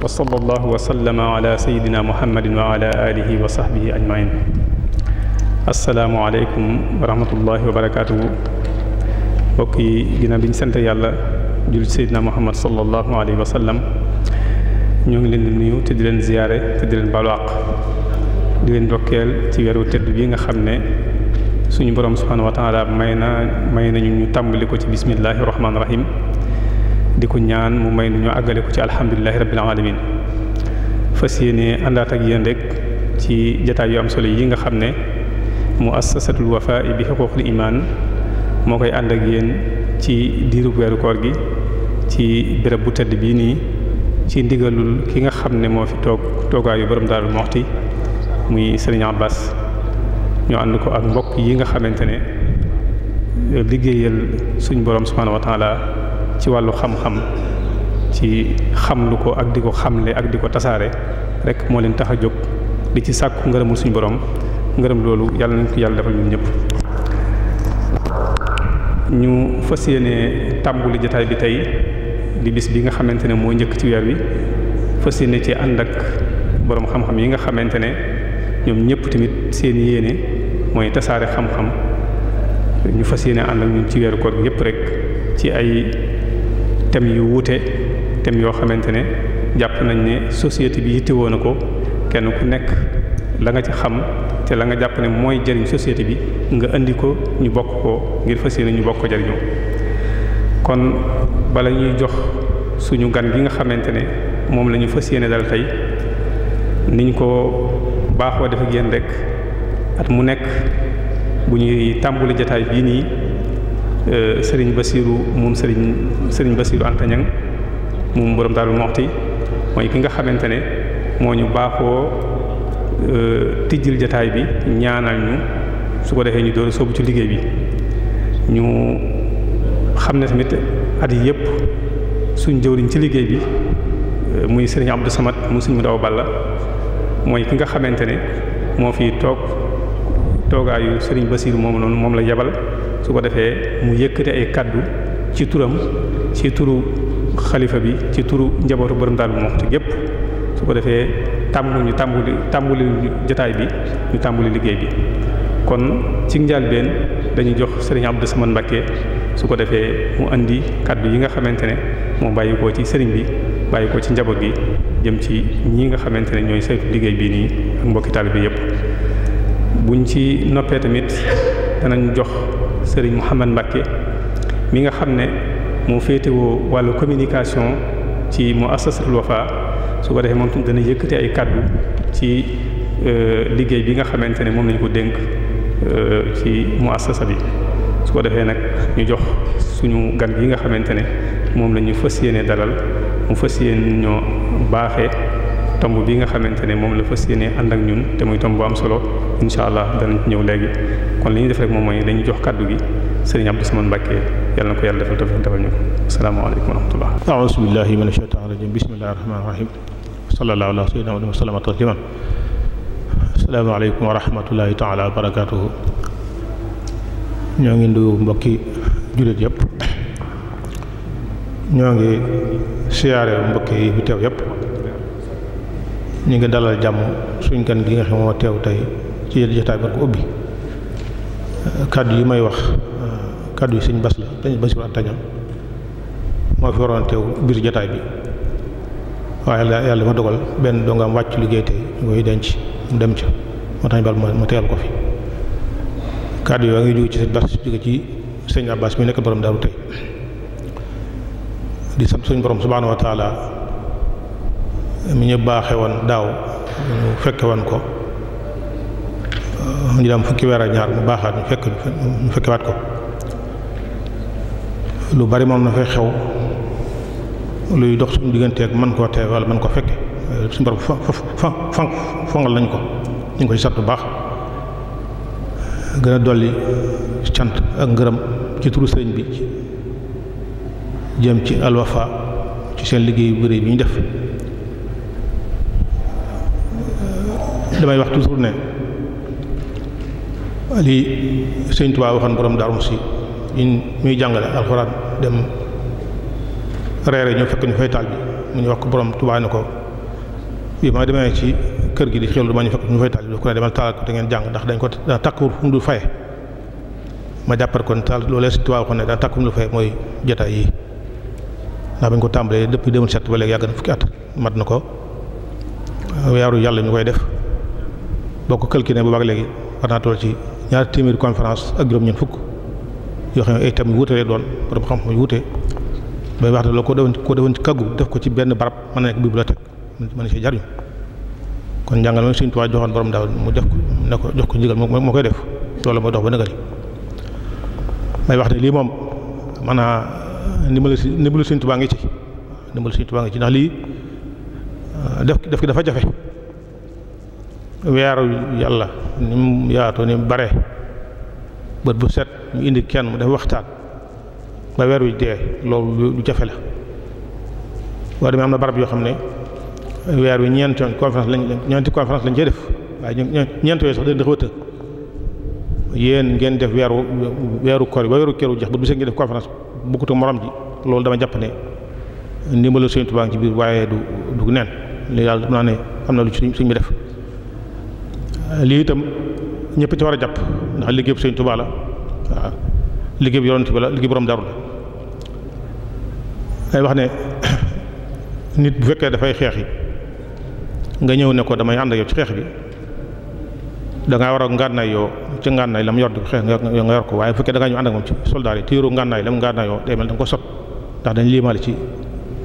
wa sallallahu wa sallama ala sayidina muhammadin wa ala alihi wa sahbihi ajmain asalaamu aleykum wa rahmatullahi wa barakaatuhu mbokk yi ginnaaw bi ñu sant yàlla jul seydina muhammad sallallahu alayhi wa sallam ñoo ngi leen di nuyu te di leen ziyaare te di leen baalu di leen dokkeel ci weeru tëdd bi nga xam ne suñu borom subhaanahu wa may na may nañu ñu tàmbali ko ci bismillahi rahmaani rahim di ko ñaan mu may nu ñu àggale ko ci alhamdulilahi rabbil alamin fas yéene àndaat ak yéen rek ci jataay yu am solo yi nga xam ne muassasatul wafa'i bi xuquqil iman moo koy ànd ak yéen ci diiru weeru koor gi ci béréb bu tedd bii nii ci ndigalul ki nga xam ne moo fi toog toogaayu borom Daaru Muxti muy Serigne Abbas ñoo ànd ko ak mbokk yi nga xamante ne liggéeyal suñu borom subhaanahu wa taala ci wàllu xam-xam ci xamlu ko ak di ko xamle ak di ko tasaare rekk moo leen tax a jóg di ci sàkku ngërëmul suñu borom ngërëm loolu yàlla nañ ko yàlla defal ñun ñëpp. ñu fas yéene tàmbuli jotaay bi tey. di bis bi nga xamante ne moo njëkk ci weer wi fas yéene ci ànd ak boroom xam-xam yi nga xamante ne ñoom ñëpp tamit seen yéene mooy tasaare xam-xam ñu fas yéene ànd ak ñun ci weeru koor yëpp rek ci ay thèmes yu wuute thèmes yoo xamante ne jàpp nañ ne société bi yittewoo na ko kenn ku nekk la nga ci xam te la nga jàpp ne mooy jëriñ société bi nga indi ko ñu bokk ko ngir fas yéene ñu bokk ko jëriñoo. kon bala ñuy jox suñu gan gi nga xamante ne moom la ñu fas yéene dal tey niñ ko baaxoo defe génn rek at mu nekk bu ñuy tàmbuli jataay bii nii euh, sëriñ Basiiru moom sëriñ sëriñ Basiiru Anta moom borom daalu Muxti mooy ki nga xamante ne moo ñu baaxoo euh, tijjil jataay bi ñaanal ñu su ko defee ñu doon soobu ci liggéey bi ñu xam ne tamit at yi yëpp suñ jëwriñ ci liggéey bi euh, muy sëriñ Abdou Samad mu suñ mu daw Balla mooy ki nga xamante ne moo fi toog toogaayu sëriñ Basiir moomu noonu moom la yebal su ko defee mu yëkkati ay kàddu ci turam ci turu xalifa bi ci turu njabootu borom daal bi bu moxti gépp su ko defee tàmbali ñu tàmbali tàmbali jataay bi ñu tàmbali liggéey bi kon ci njàlbeen dañu jox sëriñ Abdou Samane Mbacké su ko defee mu indi kàddu yi nga xamante ne moo bàyyi ci sëriñ bi bàyyi ko ci njaboot gi jëm ci ñi nga xamante ne ñooy saytu liggéey bii nii mbokki taalibe bi yëpp. ci noppee tamit danañ jox sëriñ Mouhamad Mbacké mi nga xam ne moo féetewoo wàllu communication ci muassasatul Wafa su ko defee moom dana yëkkati ay kàddu ci euh, liggéey bi nga xamante ne moom lañ ko dénk. Euh, ci muassasa bi su ko defee nag ñu jox suñu gan yi nga xamante ne moom la ñu fas yéene dalal mu fas yéene ñoo baaxee tomb bi nga xamante ne moom la fas yéene ànd ak ñun te muy tomb bu am solo incha allah danañ ñëw léegi kon li ñu def rek moom mooy dañuy jox kàddu gi sëriñ Abdou Samane Mbacke yàlla na ko yàlla defal tawfiq defal ñu ko asalaamaaleykum wa rahmatullah a'uuzu billahi mina shaytaani rajiim bismillahi rahmaani rahiim sallallahu ala sayyidina wa sallama tasliman asalaamaaleykum wa rahmatullahi taala wa ñoo ngi nuyu mbokki jullit yëpp ñoo ngi siyaare mbokki yi fi teew yëpp ñu ngi dalal jàmm suñ kan gi nga xam moo teew tey ci jotaay bi ko ubbi kàddu yi may wax kàddu yi sëñ bas la dañ basi at tañam moo fi waroon teew biir jotaay bi waaye yàlla ma dogal benn doo nga am liggéey tey ñu koy denc dem ca moo tax ñu bal ma tegal ko fi kàddu yoo ngi jóge ci sëñ Bas jóge ci sëñ Abbas mi nekk borom daaru tey di sant suñu borom subhaanahu wa taala mi ñu baaxe woon daaw ñu fekke woon ko ñu daam fukki weer ñaar mu baaxaat ñu fekk ñu fekkewaat ko lu bari moom na fay xew luy dox suñu diggante ak man koo teew wala man ko fekke suñu borom fa fa fa fangal nañ ko ñu ngi koy sant bu baax gën a dolli cant ak ngërëm ci turu sëriñ bi jëm ci alwafa ci seen liggéey bu rëy bi ñu def damay wax toujours ne lii sëñ Tuubaa waxoon borom daarum si ñu muy jàngale alxuraan dem reere ñu fekk ñu fay taal bi mu ñu wax ko borom Tuubaa ne ko bii ma demee ci kër gi di xéwlu ma ñu fekk ñu fay taal daf ko ne demal taalal ko te ngeen jàng ndax dañ ko dana tàkku fu mu faye ma jàppar kon taal loolee si tubaab mooy jotaay yi ndax bañ ko tàmbalee depuis 2007 ba léegi yàgg na fukki at mat na ko weeru yàlla ñu koy def boo ko kël ki ne bu baax war naa toll ci ñaar téeméeri conférence ak juróom-ñeent fukk yoo xam ne ay thèmes yu wuute lay doon borom xam-xam yu wuute bay wax ne loo ko defoon ko defoon ci kaggu def ko ci benn barab mën mën si jariñ kon njàngal moom Sëriñ Tuubaa joxoon borom daal mu def ko ne ko jox ko ndigal moo koy def loolu mooy dox ba nëgal may wax ne lii moom manaa ndimbalu si ndimbalu Sëriñ Tuubaa ngi ci ndimbalu Sëriñ Tuubaa ngi ci ndax lii uh, def def ki dafa jafe weeru yàlla ni mu yaatoo ni mu bare bët bu set mu indi kenn mu def waxtaan ba weer wi dee loolu lu jafe la waaye dama am na barab yoo xam ne weer wi ñeenti yoon conférence lañ ñeenti conférence lañ cee def waaye ñoom ñeenti yooyu sax dañ dafa wëta yéen ngeen def weeru weeru kor ba weeru jeex bu bisee ngeen def conférence bokkut ak ji loolu dama jàpp ne ndimbalu Sëriñ Tuubaa ci biir waaye du du neen li yàlla dam naa ne am na lu ci suñ bi def lii itam ñëpp ci war a jàpp ndax liggéey bu Sëriñ Tuubaa la liggéey bu yonent bi la liggéey bu borom daru la day wax ne nit bu fekkee dafay xeex yi nga ñëw ne ko damay ànd ak ci xeex bi dangaa war a ngànnaay yoo ci ngànnaay lam yor di ko xeex nga yor ko waaye bu fekkee dangaa ñu ànd ak moom ci soldaar yi te yoroo ngànnaay lam ngànnaay yoo day mel ko sot ndax dañ liimaale ci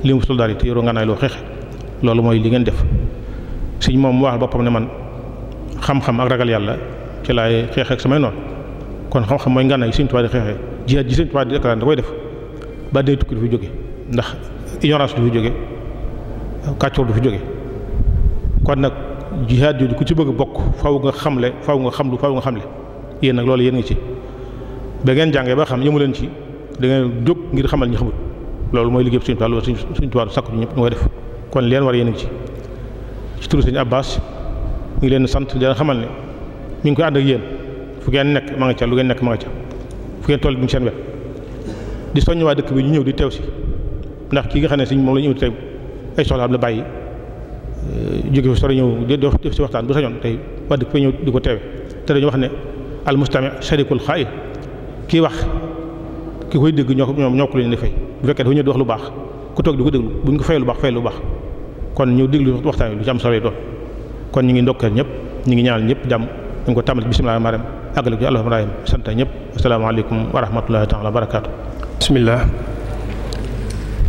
limu soldaar yi te yoroo ngànnaay loo xeex loolu mooy li ngeen def suñ moom waxal boppam ne man xam-xam ak ragal yàlla ci laay xeex ak samay noonu kon xam-xam mooy ngànnaay suñ tubaab di xeexee jihaad ji suñ tubaab di da koy def ba day tukki du fi ndax ignorance du fi jóge kàccoor fi jóge kon nag jihaad yooyu ku ci bëgg a bokk faw nga xamle faw nga xamlu faw nga xamle yéen nag loolu yéen ngi ci ba ngeen jàngee ba xam yëmu leen ci da ngeen jóg ngir xamal ñu xamut loolu mooy liggéey Sëriñ Tuubaa loolu Sëriñ Tuubaa sakku ñëpp mooy def kon leen war yéen ci ci turu Sëriñ Abbas ngi leen sant di xamal ne mi ngi koy ak yéen fu ngeen nekk ma nga ca nekk ma nga ca fu ngeen toll bi mu seen wet di soññ waa dëkk bi ñu ñëw di teew si ndax ki nga xam ne sëñ moom la ñu indi ay ay soxlaam la bàyyi Euh, jóge fa sori ñëw di def si waxtaan bu sañoon tey wax dëgg fa ñëw di ko teewe te dañu wax ne al mustami sharikul xaay wax ki koy dégg ñoo ko ñoo ko leen di fay bu fekkee dafa ñëw di wax lu baax ku toog di ko déglu bu ñu ko fayee lu baax fayee lu baax kon ñëw déglu waxtaan wi lu ci am solo doon kon ñu ngi ndokkeel ñëpp ñu ngi ñaanal ñëpp jàmm dañ ko tamal bisimilah maram àggale ko ci allahuma rahim sant ñëpp asalaamaaleykum wa rahmatullahi taala wa barakaatu bisimilah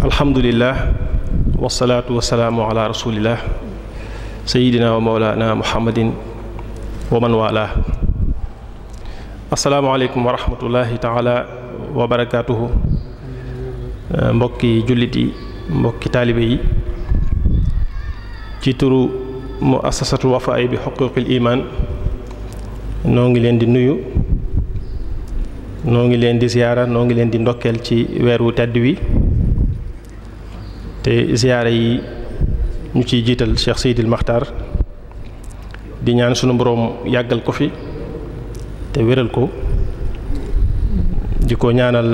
alhamdulilah wasalaatu wasalaamu ala rasulillah sayidina wa mawlana muhammadin wa man wala asalaamualeykum wa rahmatullahi taala wa barakaatuhu mbokki jullit yi mbokki taalibe yi ci turu mu asasatu wafa bi xuquqil iman noo ngi leen di nuyu noo ngi leen di ziyaara noo ngi leen di ndokkeel ci weer wu tedd wi te ziyaara yi ñu ciy jiital Cheikh Seydil Makhtar di ñaan sunu boroom yàggal ko fi te wéral ko di ko ñaanal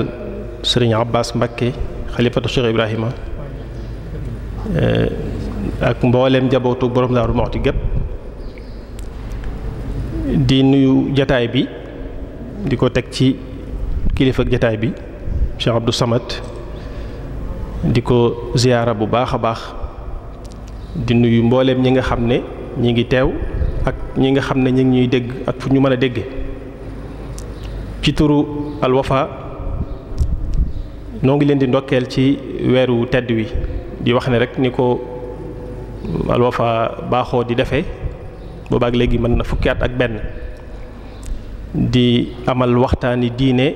sëriñ Abbas Mbakke xalifatu Cheikh Ibrahima eh, ak mbooleem jabootu boroom Daaru Muxti gépp di nuyu jataay bi di ko teg ci kilifa jataay bi Cheikh Abdou Samad di ko ziyaara bu baax a baax di nuyu mbooleem ñi nga xam ne ñi ngi teew ak ñi nga xam ne ñi ngi ñuy dégg ak fu ñu mën a déggee ci turu Al Wafa noo ngi leen di ndokkeel ci weeru tedd wi di wax ne rek ni ko Al baaxoo di defee boobaak léegi mën na fukki at ak benn di amal waxtaani diine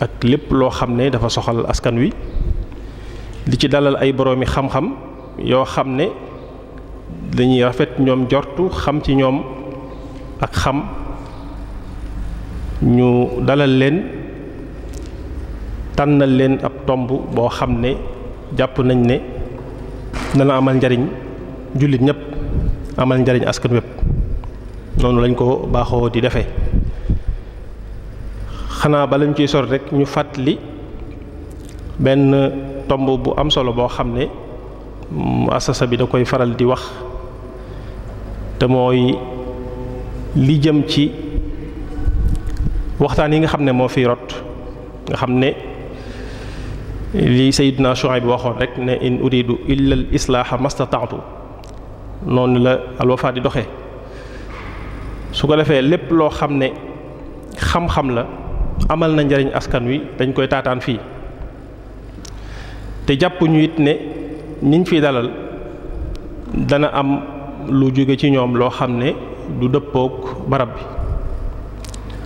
ak lépp loo xam ne dafa soxal askan wi di ci dalal ay boroomi xam-xam yoo xam ne dañuy rafet ñoom jortu xam ci ñoom ak xam ñu dalal leen tànnal leen ab tomb boo xam ne jàpp nañ ne dana amal njariñ jullit ñépp amal njariñ askan wépp noonu lañ ko baaxoo di defee xanaa ba ciy sor rek ñu fàttali benn tomb bu am solo boo xam ne assasa bi da koy faral di wax te mooy li jëm ci waxtaan yi nga xam ne moo fi rot nga xam ne li Sayyidina Shuayb bi waxoon rek ne in uridu illa al islaaha mastata'tu noonu la Al Wafa di doxee su ko defee lépp loo xam ne xam-xam la amal na njariñ askan wi dañ koy taataan fii te jàpp ñu it ne ñiñ fi dalal dana am lu jóge ci ñoom loo xam ne du dëppook barab bi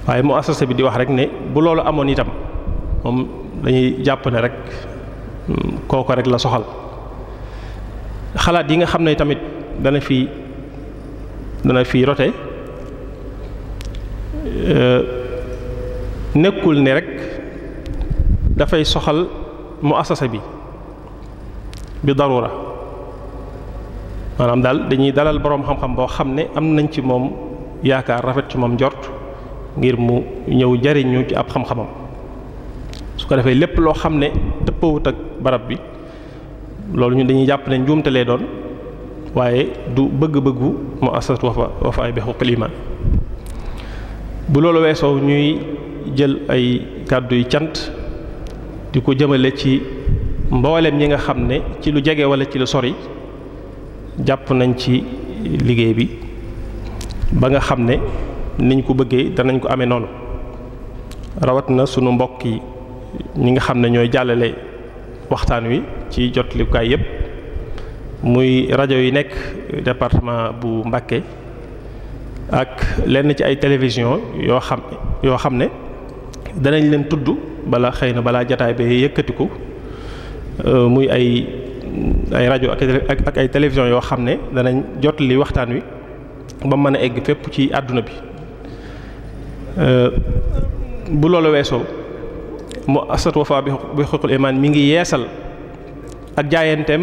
waaye mu asasa bi di wax rek ne bu loolu amoon itam moom dañuy jàpp ne rek hmm, kooko rek la soxal xalaat yi nga xam ne tamit dana fi dana fi rote eh, nekkul ne rek dafay soxal mu asasa bi bi darura maanaam daal dañuy dalal boroom xam-xam boo xam ne am nañ ci moom yaakaar rafet ci moom njort ngir mu ñëw jariñu ci ab xam-xamam su ko defee lépp loo xam ne dëppawut ak barab bi loolu ñu dañuy jàpp ne njuumte lay doon waaye du bëgg-bëggu mu asas wafa wafaay bi xuqul bu loolu weesoo ñuy jël ay kàddu yu cant di ko jëmale ci mboolem ñi nga xam ne ci lu jege wala ci lu sori jàpp nañ ci liggéey bi ba nga xam ne niñ ko bëggee danañ ko amee noonu rawat na sunu mbokk yi ñi nga xam ne ñooy jàllale waxtaan wi ci jotlikaay yépp muy rajo yi nekk département bu Mbacké ak lenn ci ay télévision yoo xam yoo xam ne danañ leen tudd balaa xëy na balaa jataay ba yëkkatiku Euh, muy ay ay rajo ak ak ay télévision yoo xam ne danañ jot li waxtaan wi ba mën a egg fépp ci àdduna bi euh, bu loolu weesoo mu asat wafa bi xuququl iman mi ngi yeesal ak jaayanteem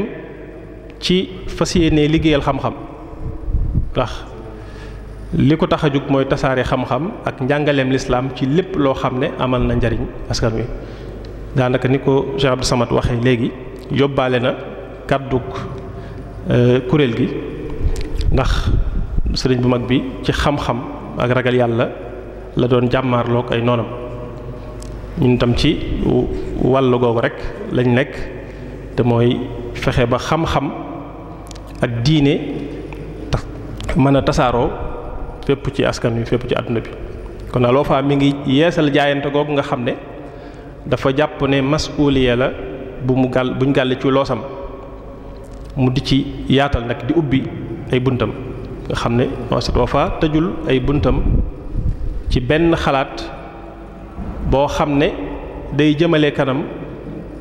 ci fas yéenee liggéeyal xam-xam ndax li ko tax a jóg mooy tasaare xam-xam ak njàngaleem lislaam ci lépp loo xam ne amal na njariñ askan wi daanaka ni ko Cheikh Abdou Samad waxee léegi yóbbaale na kàddug euh, kuréel gi ndax sëriñ bu mag bi ci xam-xam ak ragal yàlla la doon jàmmaarloog ay noonam ñun tam ci wàll googu rek lañ nekk te mooy fexe ba xam-xam ak diine tax mën a tasaaroo fépp ci askan wi fépp ci àdduna bi kon aloofa mi ngi yeesal jaayante googu nga xam ne dafa jàpp ne masuuliya la bu mu gàll buñ gàll ci loosam mu di ci yaatal nag di ubbi ay buntam nga xam ne wasit wafa tëjul ay buntam ci benn xalaat boo xam ne day jëmale kanam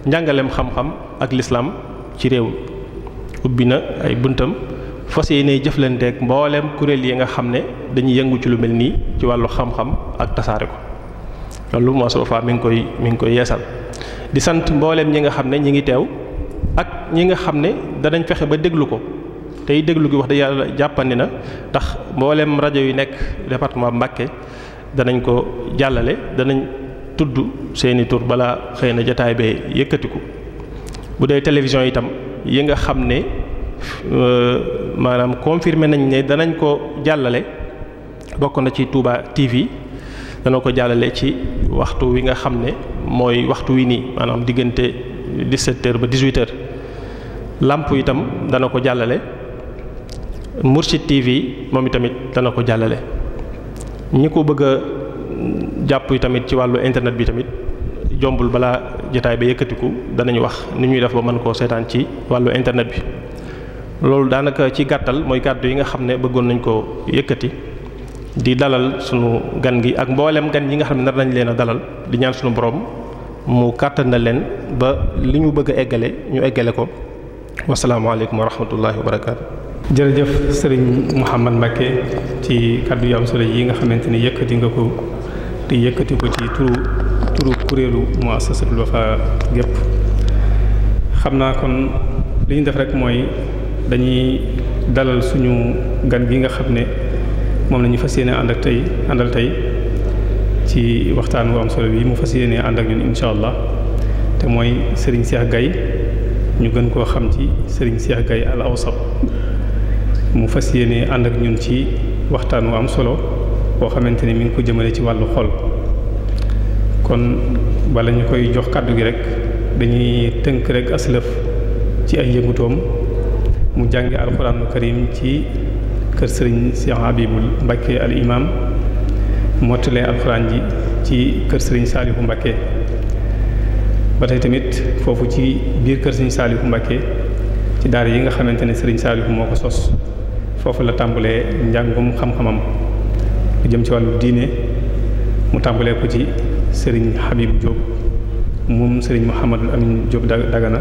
njàngaleem xam-xam ak lislaam ci réew ubbi na ay buntam fas yéene jëflanteek mbooleem kuréel yi nga xam ne dañuy yëngu ci lu mel nii ci wàllu xam-xam ak tasaare ko loolu moo sofa mi ngi koy mi ngi koy yesal di sant mbooleem ñi nga xam ne ñi ngi teew ak ñi nga xam ne danañ fexe ba déglu ko tey déglu gi wax dëgg yàlla jàppandi na tax mbooleem rajo yu nekk département Mbacké danañ ko jàllale danañ tudd seeni tur balaa xëy na jataay bee yëkkatiku bu dee télévision itam yi nga xam ne euh, maanaam confirmé nañ ne danañ ko jàllale bokk na ci Touba TV dana ko jàllale ci waxtu wi nga xam ne mooy waxtu wi nii maanaam diggante 17h ba 18 làmp itam dana ko jàllale Mourchid TV moom itamit dana ko jàllale ñi ko bëgg a jàpp tamit ci wàllu internet bi tamit jombul balaa jotaay ba yëkkatiku danañu wax ni ñuy def ba mën koo seetaan ci wàllu internet bi loolu daanaka ci gàttal mooy kàddu yi nga xam ne bëggoon nañ koo yëkkati di dalal sunu gan gi ak mboolem gan yi nga xam ne nar lañ leen a dalal di ñaan sunu borom mu kàttan leen ba li ñu bëgg a eggale ñu eggale ko wasalaamaaleykum wa rahmatullahi wa barakaatu. jërëjëf sëriñ Mouhamad Mbacke ci kàddu yu am yi nga xamante ni yëkkati nga ko di yëkkati ko ci turu turu kuréelu Muassasatul Wafa gépp xam naa kon li ñu def rek mooy dañuy dalal suñu gan gi nga xam ne. moom la ñu fas yéene ànd ak tey àndal tey ci waxtaan wu am solo bi mu fas yéene ànd ak ñun incha allah te mooy sëriñ Cheikh gay ñu gën koo xam ci Serigne Cheikh Gaye al awsat mu fas yéene ànd ak ñun ci waxtaan wu am solo boo xamante ni mi ngi ko jëmale ci wàllu xol kon bala ñu koy jox kàddu gi rek dañuy tënk rek aslëf ci ay yëngutoom mu jànge alxuraanul karim ci kër sëriñ Cheikh Habibul Mbacke al imam mottalee alxuraan ji ci kër sëriñ Saalihu Mbacke ba tey tamit foofu ci biir kër sëriñ Saalihu mbakke ci daara yi nga xamante ne sëriñ Saalihu moo ko sos foofu la tàmbalee njàngum xam-xamam lu jëm ci wàllu diine mu tàmbalee ko ci sëriñ Habib Diop moom sëriñ Mouhamadou Amine Diop Dagana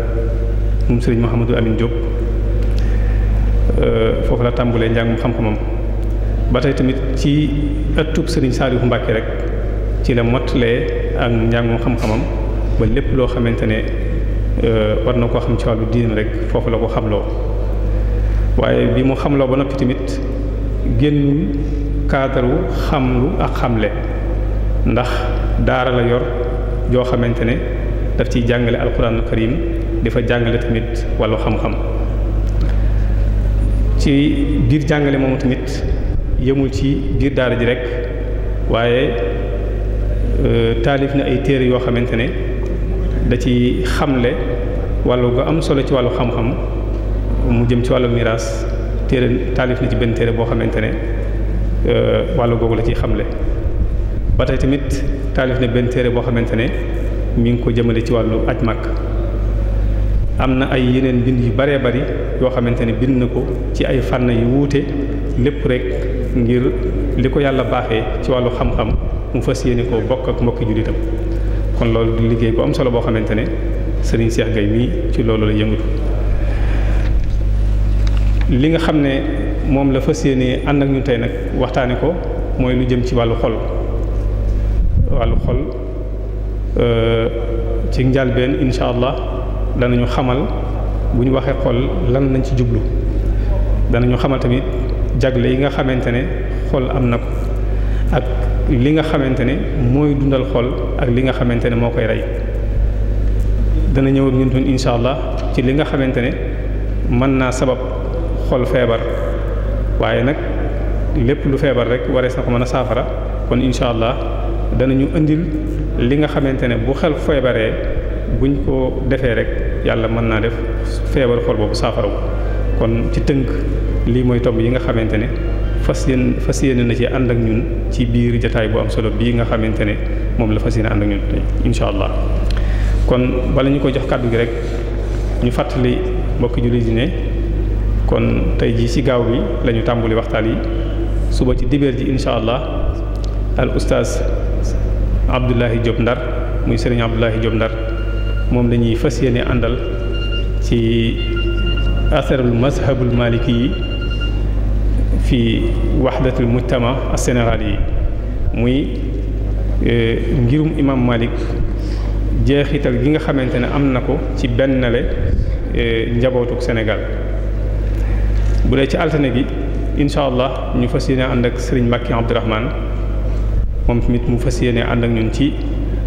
moom sëriñ Mouhamadou Amine Diop. Euh, foofu la tàmbulee njàngum xam-xamam ba tey tamit ci ëttub sëriñ Saalihu Mbàkke rek ci la mottalee ak njàngum xam-xamam ba lépp loo xamante ne euh, war na koo xam ci wàllu diin rek foofu la ko xamloo waaye bi mu xamloo ba noppi tamit génnul kaadaru xamlu ak xamle ndax daara la yor joo xamante ne daf ciy jàngale alxuraanu karim di fa jàngale tamit wàllu xam-xam ci biir jàngale moomu tamit yemul ci biir daara ji rek waaye euh, taalif na ay téere yoo xamante ne da ci xamle wàllu am solo ci wàllu xam mu jëm ci wàllu miraas téere taalif na ci benn téere boo xamante ne euh, wàllu googu la ciy xamle ba tey tamit taalif na benn téere boo xamante ne mi ngi ko jëmale ci wàllu aj màkk am na ay yeneen bind yu baree bari yoo xamante ne bind na ko ci ay fànn yu wuute lépp rek ngir li ko yàlla baaxe ci wàllu xam-xam mu fas yéene ko bokk ak mbokki jullitam kon loolu liggéey bu am solo boo xamante ne sëriñ Cheikh Gueye mii ci loolu la yëngatu li nga xam ne moom la fas yéene ànd ak ñu tey nag waxtaane ko mooy lu jëm ci wàllu xol wàllu xol euh, ci njàlbeen incha allah ñu xamal bu ñu waxee xol lan lañ ci jublu danañu xamal tamit jagle yi nga xamante ne xol am na ko ak li nga xamante ne mooy dundal xol ak li nga xamante ne moo koy rey dana ñëw ñu ñun tuuti allah ci li nga xamante ne mën naa sabab xol feebar waaye nag lépp lu feebar rek warees na ko mën a saafara kon incha allah danañu indil li nga xamante ne bu xel feebaree. buñ ko defee rek yàlla mën naa def feebar xol boobu saafaraw kon ci tënk lii mooy tomb yi nga xamante ne fas yéen fas yéene na ci ànd ak ñun ci biir jataay bu am solo bii nga xamante ne moom la fas yéene ànd ak ñun tey allah kon bala ñu ko jox kàddu gi rek ñu fàttali mbokki jullit ne kon tey jii ci gaaw bi lañu ñu tàmbali waxtaan yi suba ci dibeer ji incha allah al oustaz Abdoulahi Diop Ndar muy sëriñ Abdoulahi Diop Ndar moom lañuy fas yéene àndal ci asarul mazhabul maliki yi fi waxdatul mujtama as sénégal yi muy euh, ngirum imam malik jeexital gi nga xamante ne am na ko ci bennale euh, njabootuk sénégal bu dee ci altine bi incha allah ñu fas yéene ànd ak sëriñ Mbàkke Abdourahman moom tamit mu fas yéene ànd ak ñun ci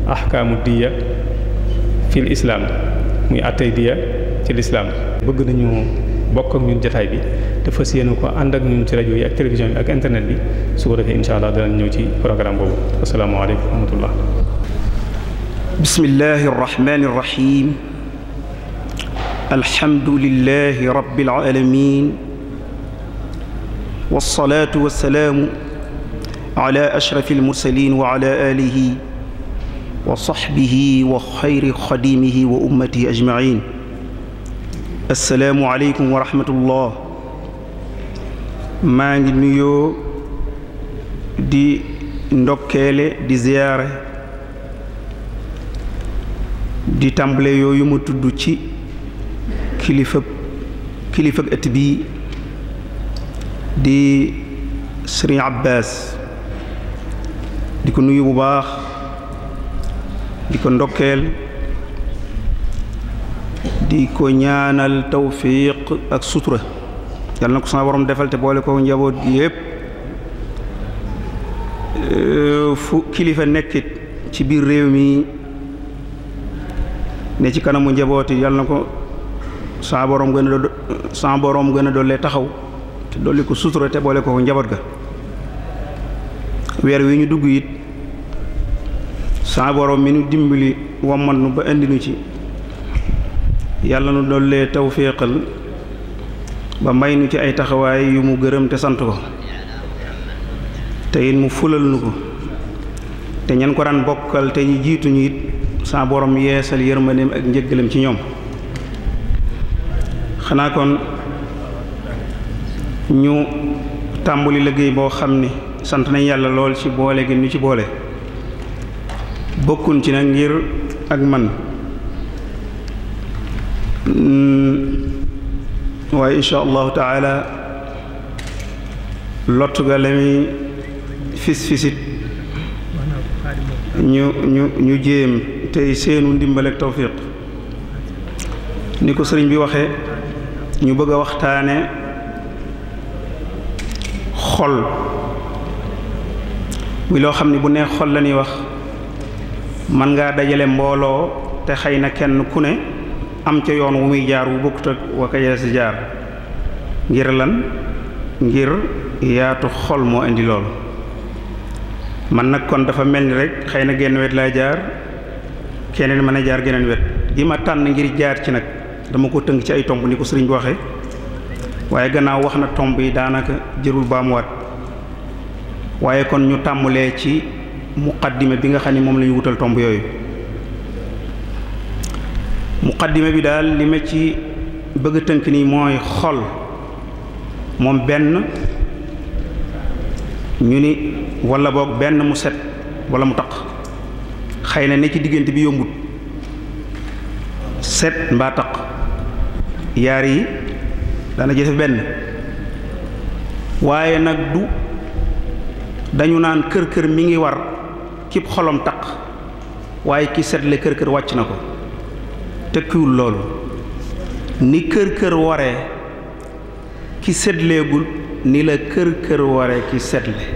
ahkaamu diya fil islam muy attay diya ci lislaam bëgg nañu bokk ak ñun jataay bi te fas yéene ko ànd ak ñun ci rajo yi ak télévision bi ak internet bi su ko defee incha ñëw ci program boobu asalaamaaleykum wa rahmatullah bismillahi arrahmani arrahim alhamdulillahi rabbil alamin wassalatu wassalamu ala ashrafil mursalin wa ala alihi wa saxbihi wa xayri xadimihi wa ummatihi ajmain assalaamu aleykum wa rahmatullah maa ngi nuyoo di ndokkeele di ziyaare di tàmbale yooyu ma tudd ci kilifa kilifa ëtt bi di sëriñ Abbaas di ko nuyu bu baax di ko ndokkeel di ko ñaanal tawfiq ak sutura yàlla na ko sama borom defal te boole ko njaboot gi yépp euh, fu kilifa nekkit ci biir réew mi ne ci kanamu njaboot yi yàlla na ko sama gën a do sama borom gën a dollee taxaw te dolli ko sutura te boole ko njaboot ga weer wi ñu dugg it sa borom mi nu dimbali wommat nu ba indi nu ci yàlla nu dollee tawféexal ba may nu ci ay taxawaay yu mu gërëm te sant ko te it mu fulal nu ko te ñan ko daan bokkal te ñi jiitu ñu it sa borom yeesal yërmandeem ak njëggalam ci ñoom xanaa kon ñu tàmbali liggéey boo xam ni sant nañ yàlla lool ci boole gi ñu ci boole bokkuñ ci nag ngir ak man mm, waaye insha allahu taala lottu ga la fis fisit ñu ñu ñu jéem tey seenu ndimbal ak ni ko sëriñ bi waxee ñu bëgg a waxtaane xol muy loo xam ne bu neex xol lañuy wax man ngaa dajale mbooloo te xëy na kenn ku ne am ca yoon wu muy jaar wu bokkut ak wa ka yees jaar ngir lan ngir yaatu xol moo indi loolu man nag kon dafa mel ni rek xëy na genn wet laa jaar keneen mën a jaar geneen wet gi ma tànn ngir jaar ci nag dama ko tënk ci ay tomb ni ko sëriñ bi waaye gannaaw wax na tomb yi daanaka jërul baamuwaat waaye kon ñu tàmmulee ci muqaddima bi nga xam ne moom la ñu wutal tomb yooyu muqaddima bi daal li ma ci bëgg tënk ni mooy xol moom benn ñu ni wala boog benn mu set wala mu taq xëy na ne ci diggante bi yombut set mbaa taq yaar yi dana jëfe benn waaye nag du dañu naan kër kër mi ngi war kib xolom taq waaye ki seetle kër kër wàcc na ko tekkiwul loolu ni kër kër waree ki seetleegul ni la kër kër waree ki seetle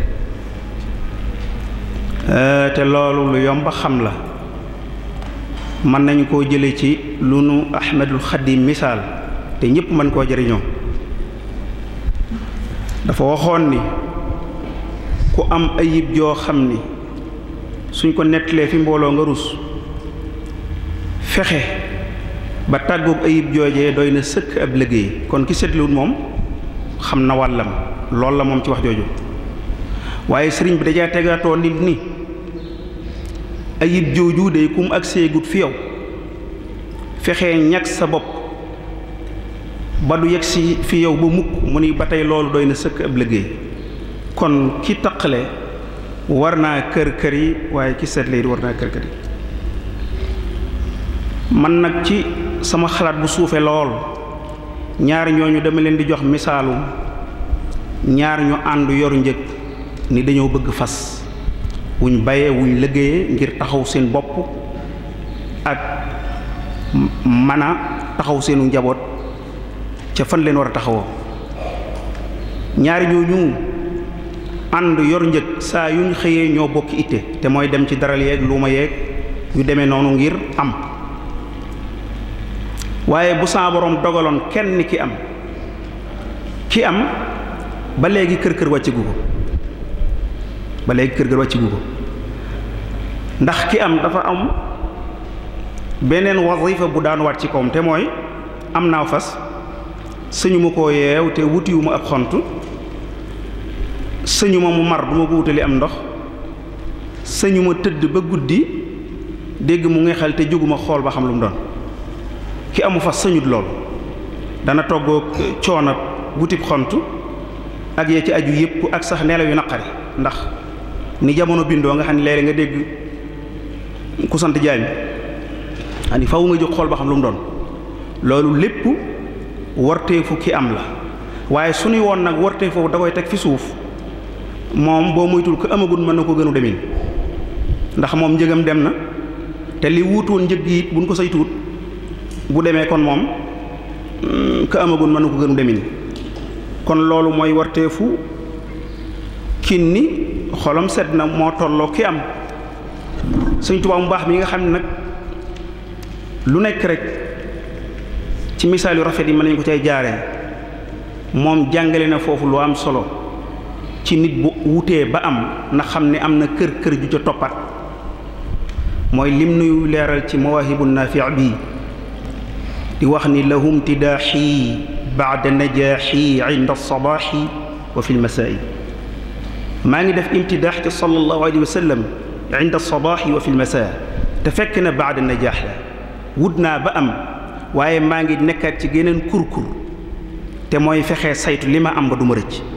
eh, te loolu lu yomba xam la mën nañu koo jële ci lu nu Ahmadul Xadim misaal te ñépp mën koo jëriñoo dafa waxoon ni ku am ayib joo xam ni suñ ko nettalee fi mbooloo nga rus fexe ba tàggoog ayib joojee doy na sëkk ab liggéey kon ki seetluwut moom xam na wàllam loolu la moom ci wax jooju waaye sëriñ bi dajaa tegaatoo nit nii ayib jooju day kum ak seegut fi yow fexe ñag sa bopp ba du yegsi fi yow ba mukk mu ni ba tey loolu doy na sëkk ab liggéey kon ki taqale war naa kër-kër yi waaye ci seetle it war naa kër-kër yi man nag ci sama xalaat bu suufe lool ñaar ñooñu dama leen di jox misaalum ñaar ñu ànd yoru njëg ni dañoo bëgg fas wuñ bayee wuñ liggéeyee ngir taxaw seen bopp ak mën a taxaw seenu njaboot ca fan leen war a taxawoo ñaari ñooñu ànd yor njëg saa yu yuñ xëyee ñoo bokk itte te mooy dem ci daral lu ma yeeg ñu demee noonu ngir am waaye bu saa borom dogaloon kenn ki am ki am ba léegi kër kër wàcc gu ko ba léegi kër kër wàcc ko ndax ki am dafa am beneen wazifa bu daan waat ci kawam te mooy am naa fas sëñu ma koo yeew te wutiwuma ma ab xont sëñu ma mu mar du ma ko wutali am ndox sëñuma tëdd ba guddi dégg mu ngexal te jóguma xool ba xam lu mu doon ki amu fa sëñut loolu dana toggoo coono wutib xont ak yee ci aju yépp ak sax nelaw yu naqari ndax ni jamono bindoo nga xam ne léeg nga dégg ku sant jaay mi ni faw nga jóg xool ba xam lu mu doon loolu lépp warteefu ki am la waaye su ñuy woon nag warteefu da koy teg fi suuf moom boo moytul ko amagul mën na ko gënu demin ndax moom njëgam dem na te li wuutoon njëg yi buñ ko saytuwut bu demee kon moom mm, ka amagun mën na ko gënu demin kon loolu mooy warteefu kin ni xolam sedd na moo tolloo ki am Sëñ Tuubaa mu baax mi nga xam ne nag lu nekk rek ci misaal yu rafet yi ma nañu ko cay jaaree moom jàngale na foofu lu am solo ci nit bu wutee ba am na xam ne am na kër kër ju ca toppat mooy lim nuy leeral ci mawaahibu naafic bi di wax ni lahum tidaaxi baada najaaxi inda sabaaxi wa fi lmasaai maa ngi def imtidaax ci sallallahu alayhi wa sallam inda sabaaxi wa fi lmasaa te fekk na baada najaax la wut naa ba am waaye maa ngi nekkaat ci geneen kurkur te mooy fexe saytu li ma am ba du ma rëcc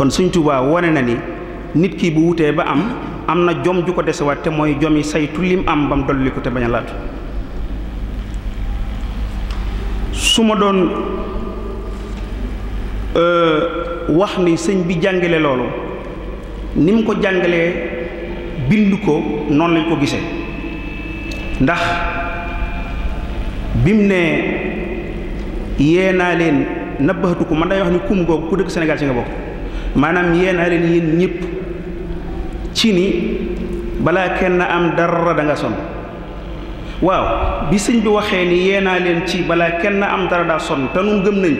kon Sëñ Tuubaa wone na ni nit kii bu wutee ba am am na jom ju ko desewaat te mooy jom yi saytu lim am ba mu dolli ko te bañ su ma doon euh, wax ni sëñ bi jàngale loolu ni mu ko jàngalee bind ko noonu lañ ko gisee ndax bi mu nee yee naa leen nabbahatu ko man day wax ni kum googu ku dëkk Sénégal ci nga bokk maanaam yéena leen yéen ñëpp ci ni balaa kenn am dara da sonn waaw bi sëñ bi waxee ni yéenaa leen ci balaa kenn am dara daa sonn te nun gëm nañ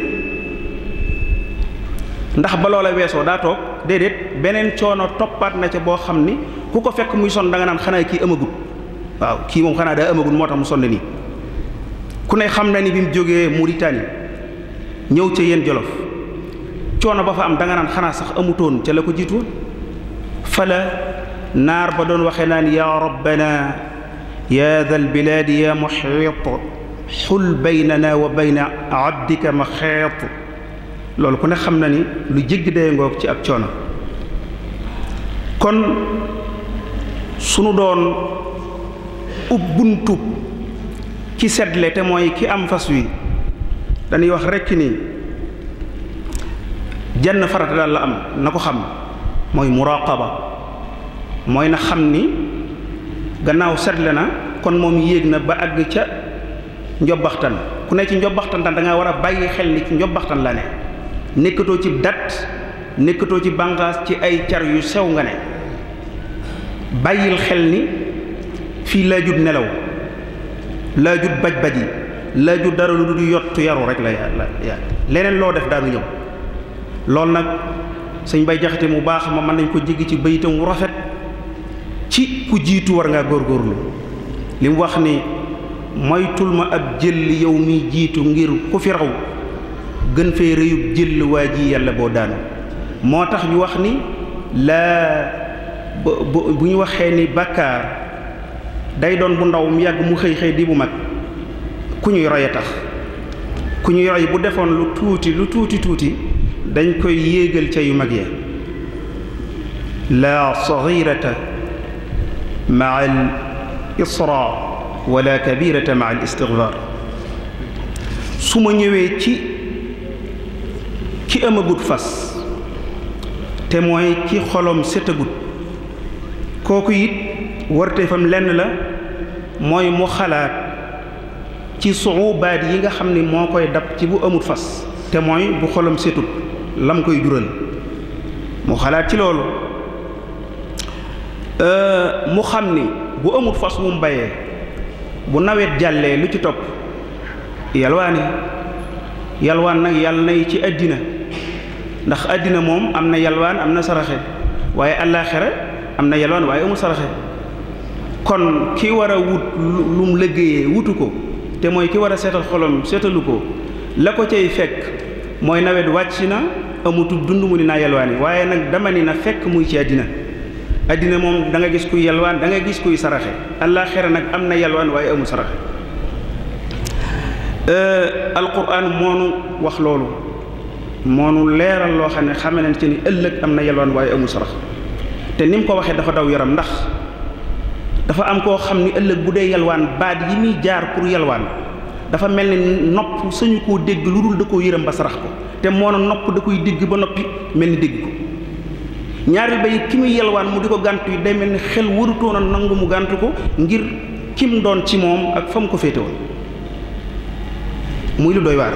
ndax ba la weesoo daa toog déedéet beneen coono toppaat na ca boo xam ni ku ko fekk muy sonn da naan xanaa kii ëmmagut waaw kii moom xanaa daa ëmmagut moo tax mu sonn nii ku ne xam na ni bi mu jógee Mauritanie ñëw ca yéen Jolof coono ba fa am danga naan xanaa sax amutoon ca la ko jiitu woon fala naar ba doon waxee naan yaa rabbana ya dal bilaadi ya muxiit xul baynana wa bayna abdika ma xeet loolu ku ne xam na ni lu jégg day ngoog ci ab coono kon sunu doon ub buntub ki seddle te mooy ki am fas wi dañuy wax rekk ni jenn farata daal la am na ko xam mooy muraqaba mooy na xam ni gannaaw seetle na kon moom yéeg na ba àgg ca njobbaxtan ku ne ci njobbaxtan tan war a bàyyi xel ni ci njobbaxtan la ne nekkatoo ci dat nekkatoo ci bànqaas ci ay car yu sew nga ne bàyyil xel ni fii laajut nelaw laajut baj yi laajut dara lu du yottu yaru rek la ya leneen loo def daanu ñëw loolu nag sëñ bay jaxate mu baax ma mën nañ ko jéggi ci bayitam wu rafet ci ku jiitu war ngaa góorgóorlu li mu wax ni moytul ma ab jëll yow muy jiitu ngir ku fi raw gën fee réyub jëll waa ji yàlla boo daanu moo tax ñu wax ni laa bu ñu waxee ni bàkkaar day doon bu ndaw mu yàgg mu xëy xëy di bu mag ku ñuy roy a tax ku ñuy roy bu defoon lu tuuti lu tuuti tuuti dañ koy yéegal ca yu mag ya laa saxirata maa al isra wala kabirata maa al istigfaar su ma ñëwee ci ki amagut fas te mooy ki xolom setegut kooku it warteefam lenn la mooy mu xalaat ci suubaat yi nga xam ni moo koy dab ci bu amut fas te mooy bu xolom setut lam koy jural mu xalaat ci loolu euh, mu xam ni bu amul fas mu bayee bu nawet jàllee lu ci topp yalwaani yalwaan nag yàlla nay ci àddina ndax àddina moom am na yalwaan am na saraxe waaye àllaaxira am na yalwaan waaye amul saraxe kon ki war a wut lu mu liggéeyee wutu ko te mooy ki war a seetal xolom seetalu ko la ko cay fekk mooy nawet wàcc na amutul dund mu ni naa yelwaani waaye nag dama ni na fekk muy ci àddina àddina moom danga nga gis kuy yelwaan da nga gis kuy saraxe àllaaxira nag am na yelwaan waaye amul saraxe euh, alquran moonu wax loolu moonu leeral loo xam ne xame nañ ci ni ëllëg am na yelwaan waaye amul sarax te ni mu ko waxee dafa daw yaram ndax dafa am koo xam ni ëllëg bu dee yelwaan baat yi muy jaar pour yelwaan dafa mel ni nopp suñu ko dégg lu dul da yërëm ba sarax ko te moo na nopp da koy dégg ba noppi mel ni digg ko ñaari bay ki muy yelwaan mu di ko gàntu yi day mel ni xel warutoon a nangu mu gàntu ko ngir kim doon ci moom ak fa mu ko féete woon muy lu doy waar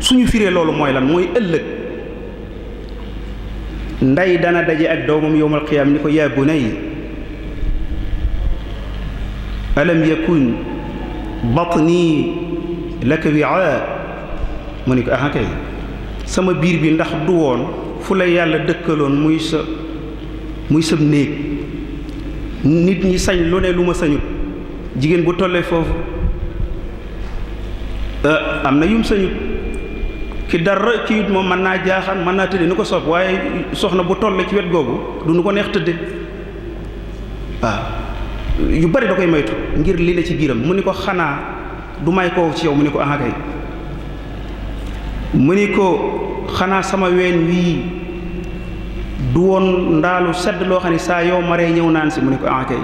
suñu firee loolu mooy lan mooy ëllëg ndey dana daje ak doomam yowmal qiyaam ni ko yaa bunay alam yakun batni laka wiaa mu ni ko ah kay sama biir bi ndax du woon fu la yàlla dëkkaloon muy sa muy sa néeg nit ñi sañ lu ne lu ma sañut jigéen bu tollee foofu ah, am na yum sañut ki dara ci it moom mën naa jaaxaan man naa tëdde ni ko sob waaye soxna bu tollee ci wet googu du nu ko neex tëdde waaw ah, yu bari da koy moytu ngir li ne ci biiram mu ni ko xanaa du may koo ci yow mu ni ko ah kay mu ni ko xanaa sama ween wii du woon ndaalu sedd loo xam ne saa yow maree ñëw naan si mu ni ko ah kay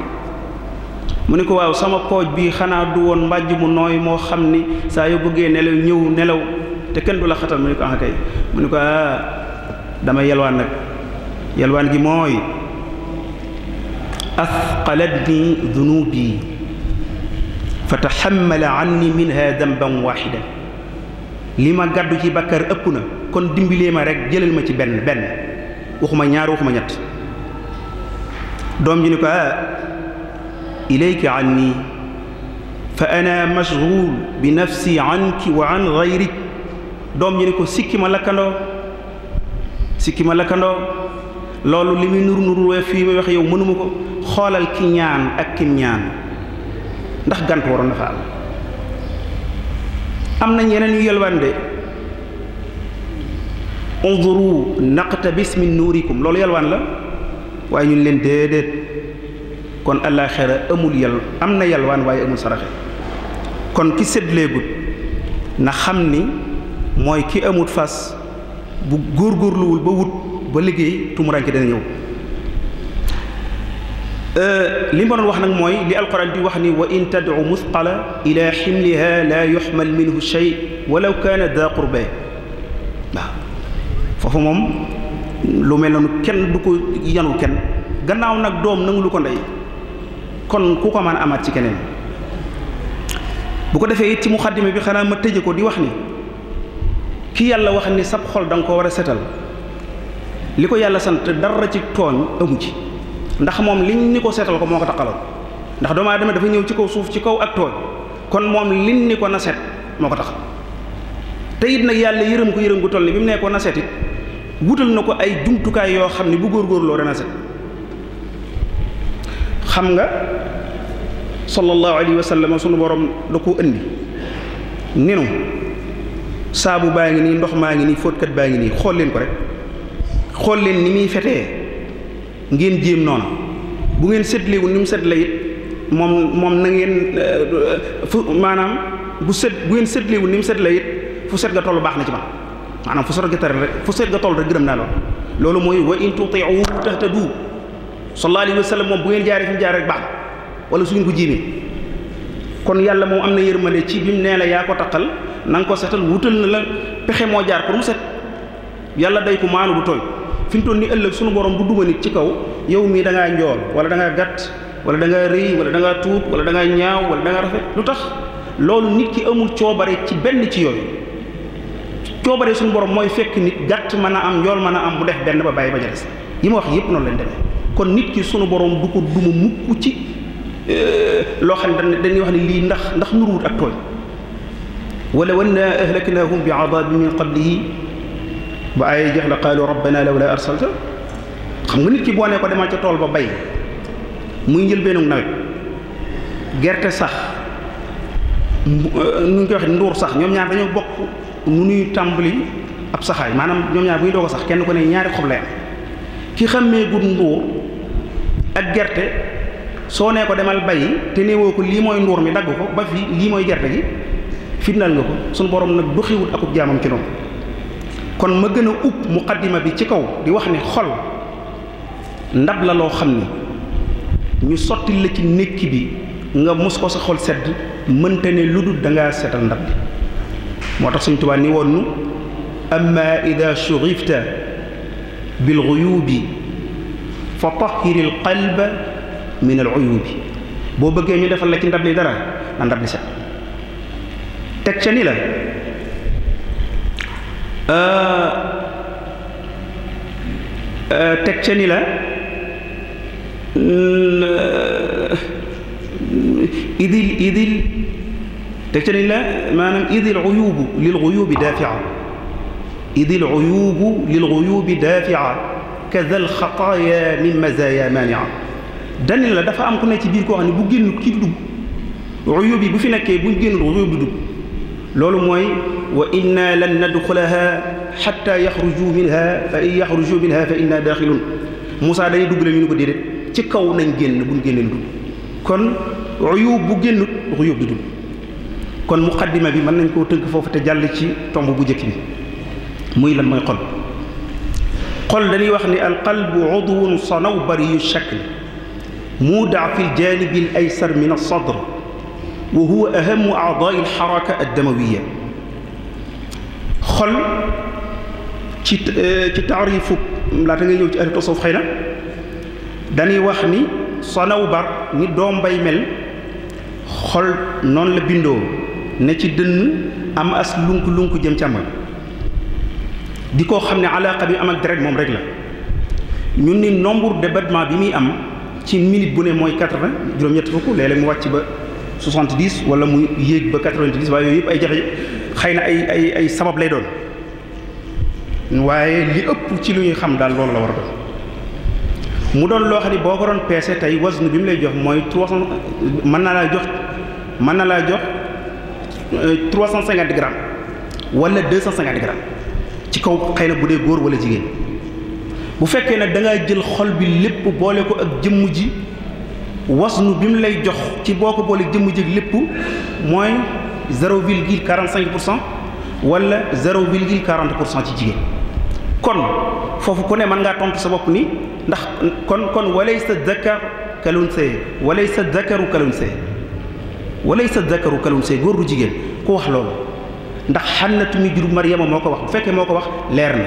mu ni ko waaw sama pooj bii xanaa du woon mbàjj mu nooy moo xam ni saa yow bëggee nelaw ñëw nelaw te kenn du la xatal mu ni ko ah kay mu ni ko ah damay yalwaan nag yalwaan gi mooy asqalatni dunubi fa taxamala anni minha damban waaxidan li ma gàddu ci bàkkaar ëpp na kon dimbilee ma rek jëlal ma ci benn benn waxuma ñaar waxuma ñett doom ji ni ko ah ilayka anni fa ana mashghul bi nafsi anki doom ji ni ko sikki ma sikki ma lakkandoo loolu li muy nur fii muy wax yow mënuma ko xoolal ki ñaan ak kim ñaan ndax gant waroon na am am na yeneen yu yelwaan de unzuru naqtabis min nuurikum loolu yelwaan la waaye ñun leen déedéet kon àllaaxira amul yel am na yelwaan waaye amul saraxe kon ki sédleegut na xam ni mooy ki amut fas bu góorgóorluwul ba wut ba liggéey tumuraanke dana ñëw Euh, li ma doon wax nag mooy li alquran di wax ni wa in tad'u musqala ila ximliha la yuxmal minhu shay walaw kaana da qurbe waaw foofu moom lu mel noonu kenn du ko yanul kenn gannaaw nag doom nangu lu ko ndey kon ku ko mën a amaat ci keneen bu ko defee it ci muxaddima bi xanaa ma tëje ko di wax ni ki yàlla wax ni sab xol danga ko war a setal li ko yàlla sant dara ci tooñ amu ci ndax moom li ni ko seetal ko moo ko taqaloon ndax doomu aadama dafa ñëw ci kaw suuf ci kaw ak tooñ kon moom li ni ko na seet moo ko tax te it nag yàlla yërëm ko yërëm gu toll ni bi mu nekkoon na seet it wutal na ko ay jumtukaay yoo xam ne bu góor góorgóorloo dana set xam nga sallallahu alayhi wa sallam sunu borom da ko indi ninu saabu baa ngi nii ndox maa ngi nii fóotkat baa ngi nii xool leen ko rek xool leen ni muy fetee ngeen jéem noonu bu ngeen seetlewu ni mu seetle it moom moom na ngeen euh, fu maanaam bu set bu ngeen seetlewu ni mu seetle it fu set ga toll baax na ci man maanaam fu set ga tar rek fu set ga toll rek gërëm naa lool loolu mooy wa in tuti'u tahtadu sallallahu alayhi wa sallam moom bu ngeen jaaree fi mu jaar rek baax wala su ngeen ko jéemee kon yàlla moom am na yërmande ci bi mu nee la yaa ko taqal na ko setal wutal na la pexe moo jaar pour mu set yàlla day ko maanu du tooñ fi ni ëllëg sunu borom bu duma nit ci kaw yow mii da ngaa njool wala da gàtt wala da ngaa rëy wala da ngaa tuut wala da ñaaw wala da rafet lu tax loolu nit ki amul coobare ci benn ci yooyu coobare suñu borom mooy fekk nit gàtt mën a am njool mën a am bu def benn ba bàyyi ba ja des yi ma wax yëpp noonu lañ demee kon nit ki sunu borom du ko duma mukk ci euh, loo xam ne dañuy wax ne lii ndax ndax nuruwut ak tooñ wala wan naa ahlaknaahum bi ba ay jeex la qaalu rabbana law la arsalta xam nga nit ki boo ne ko demal ca tool ba bay muy njëlbeenu nawet gerte sax euh, nu ngi koy waxee nduur sax ñoom ñaar dañoo bokk nu nuy tàmbali ab saxaay maanaam ñoom ñaar bu ñu doog a sax kenn ko ne ñaari xob la am ki xammee gud nduur ak gerte soo nee ko demal bayi te néewoo ko lii mooy nduur mi dagg ko ba fii lii mooy gerte gi fitnaal nga ko suñu borom nag du xiwut akub jaamam ci noonu kon ma gën a upp muqaddima bi ci kaw di wax ni xol ndab la loo xam ne ñu sotti la ci nékki bi nga mos ko sa xol sedd mënta ne lu dul danga seetal ndab bi moo tax suñ tubaab ni woon nu amma ida shurifta bil xuyubi fa tahiril qalba min al uyubi boo bëggee ñu defal la ci ndab li dara na ndab li set teg ca ni la Euh, euh, teg ca ni la euh, idil idil teg ca ni la maanaam idil uyubu lil uyubi daafia idil uyubu lil uyubi daafia kadal xataaya min da maania dani la dafa am ku ne ci biir koo xam ne bu génnut kii dugg uyub bu fi nekkee buñ génnut uyub bi dugg mooy wa inna lan nadxulaha xatta yaxruju minha fa in yaxruju minha fa inna daaxilun Moussa dañuy dugg la ñu ne ko déedéet ci kaw nañ génn buñ génneen kon uyub bu génnut uyub du dugg kon muqaddima bi mën nañ koo tënk foofu te jàll ci tomb bu njëkk bi muy lan mooy xol xol dañuy wax ni al qalbu udwun sanaw bariyu shakl muudaa fi ljanibi al aysar min alsadr wa huwa ahamu aadaai alxaraka addamawiya xol ci euh, ci taarifu laata ngay ñëw ci arif tasawuf xëy na dañuy wax ni sonaw bar ni doom bay mel xol noonu la bindoo ne ci dënn am as lunk lunku jëm càmmoñ di ko xam ne alaqa bi am ak deret moom rek la ñun ni nombre de bi muy am ci minute bu ne mooy quatre-vingt fukk léeg-léeg mu wàcc ba soixante wala mu yéeg ba quatre vingt waaye yooyu yëpp ay jaxe xëy na ay ay ay sabab lay doon waaye li ëpp ci lu ñuy xam daal loolu la war a doon mu doon loo xam ne boo ko doon peese tey wasnu bi mu lay jox mooy trois cent mën na laa jox mën na laa jox euh, trois cent cinquante grammes wala deux cent ci kaw xëy na bu dee góor wala jigéen bu fekkee nag danga jël xol bi lépp boole ko ak jëmm ji wasnu bi mu lay jox ci boo ko boole jëmm ji lépp mooy. zéro virgule quarante cinq pour cent wala zéro virgule quarante pour cent ci jigéen kon foofu ku ne mën ngaa tontu sa bopp ni ndax kon kon sa walaysa dakar kalonsee këlonse walla kalonsee walaysa dakaru kalonsee góor du jigéen ku wax loolu ndax xannatu mi jurub Maryama moo ko wax bu fekkee moo ko wax leer na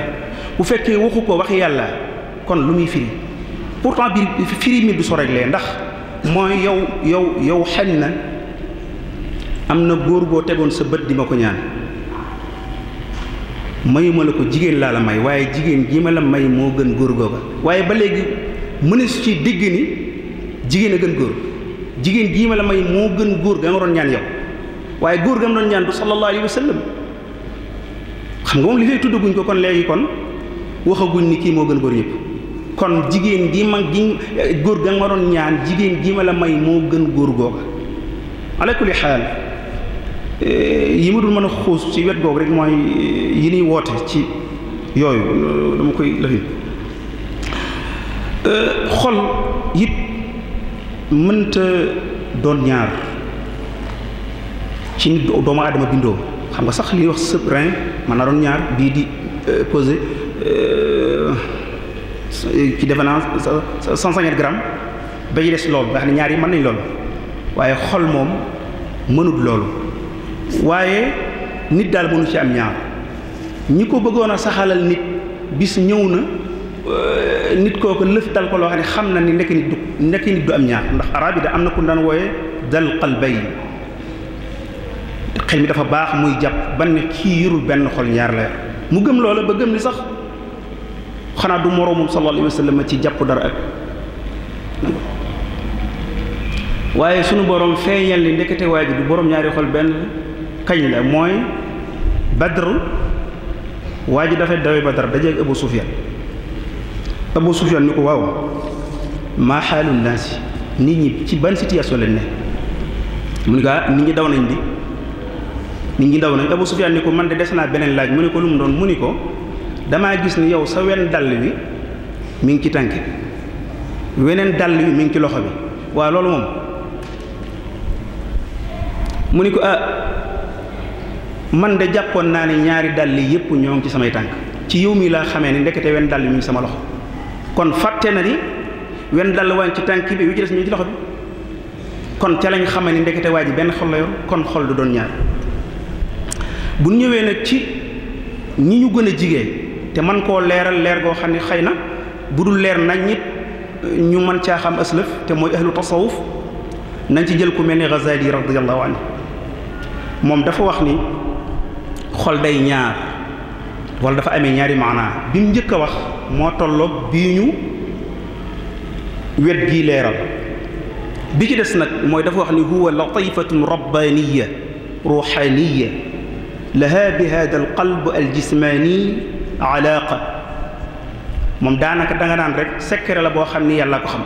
bu fekkee waxu ko wax yàlla kon lu muy firi pourtant bi firi mi du soreeg lee ndax mooy yow yow yow xañ na am na góor boo tegoon sa bët di ma ko ñaan mayuma la ko jigéen laa la may waaye jigéen gi ma la may moo gën góor googa waaye ba léegi mënees su ci dégg ni jigéen a gën góor jigéen gii ma la may moo gën góor ga ma yow waaye góor ga ma ñaan du sallallahu alayhi wa sallam nga moom tuddaguñ ko kon léegi kon waxaguñ ni kii moo gën góor yëpp kon jigéen gi ma gi ga ma ñaan jigéen gii ma la may moo gën góor googa ala kulli xaal Eh, yi ma dul mën a xuus ci wet googu rek mooy eh, yi nuy woote ci yooyu dama koy lëfin eh, xol it mënta doon ñaar ci nit doomu aadama bindoo xam nga sax li wax sëb rein mën naa doon ñaar bii di pesé ci defe naa cent cinquante grammes ba ci des loolu nga xam ne ñaar yi mën nañ loolu waaye xol moom mënut loolu waaye nit daal mënu ci am ñaar ñi ko bëggoon a saxalal nit bis ñëw na euh, nit kooku lëf dal ko loo xam ne xam na ni nekk nit du nekk nit du am ñaar ndax arab yi da am na ku daan wooye dal qalbay xel mi dafa baax muy jàpp ban kii yurul benn xol ñaar la mu gëm loola ba gëm ni sax xanaa du moroomum sallallahu alayhi wa sallam ci jàpp dara ak waaye sunu borom feeñal ni ndekete waa ji du borom ñaari xol benn kañ la mooy badr waa ji dafay dawe badr dajeeg abu sufyan abu sufyan ni ko waaw maa xaalu naasi nit ñi ci ban situation lañ ne mu ne ko ah, nit ñi daw nañ di nit ñi daw nañ abu sufyan ni ko man de des naa beneen laaj mu ne ko lu mu doon mu ni ko damaa gis ni yow sa wenn dàll bi mi ngi ci tànke weneen dàll bi mi ngi ci loxo bi waaw loolu moom mu ni ko ah man de jàppoon naa ne ñaari dàll yépp ñoo ngi ci samay tànk ci yow mi laa xamee ni ndekete wenn dàll mi ngi sama loxo kon fàtte na ni wenn dàll waa ci tànk bi wi ci des mi loxo bi kon ca lañ xamee ni ndekete waa ji benn xol la yor kon xol du doon ñaar bu ñëwee nag ci ñi ñu gën a jigéen te man koo leeral leer goo xam ne xëy na bu dul leer nag nit ñu mën caa xam aslëf te mooy ahlu tasawuf nañ ci jël ku mel ni Ghazali radiyallahu anhu moom dafa wax ni xol day ñaar wala dafa amee ñaari maanaa bi mu njëkk a wax moo tolloog bii ñu wet gii leeral bi ci des nag mooy dafa wax ni huwa latifatun rabbaniya ruxaniya laha bi hada qalb al jismani moom daanaka danga naan rek secret la boo xam ni yàlla ko xam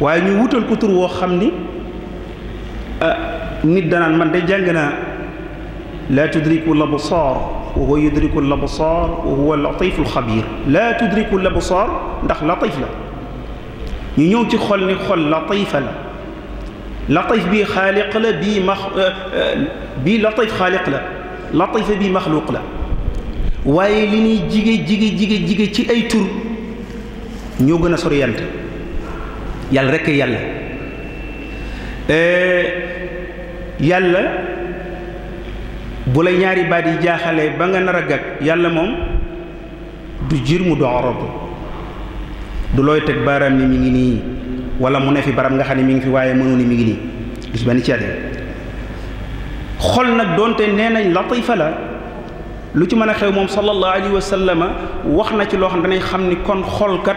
waaye ñu wutal ko tur woo xam ni ah, nit danaan man de jàng naa laa tudriku labsaar wa huwa yudriku labsaar wa huwa latifu lxabir laa tudriku labsaar ndax latif la ñu ñëw ci xol ni xol latifa la latif bii xaaliq la bii max euh, euh, bii latif xaaliq la latifa bii maxluuq la waaye li ñuy jige jige jige jige ci ay tur ñoo gën a soriyante yàlla rekk yàlla yàlla bu la ñaari baat yi jaaxalee ba nga nar a gag yàlla moom du jiir mu du orob du looy teg baaraam ni mi ngi nii wala mu ne fi baram nga xam ne mu ngi fi waaye mënu ni mi ngi nii gis ba ni xol nag doonte nee nañ latifa la lu ci mën a xew moom sallallahu alayhi wa sallama wax na ci loo xam ne danañ xam ni kon xolkat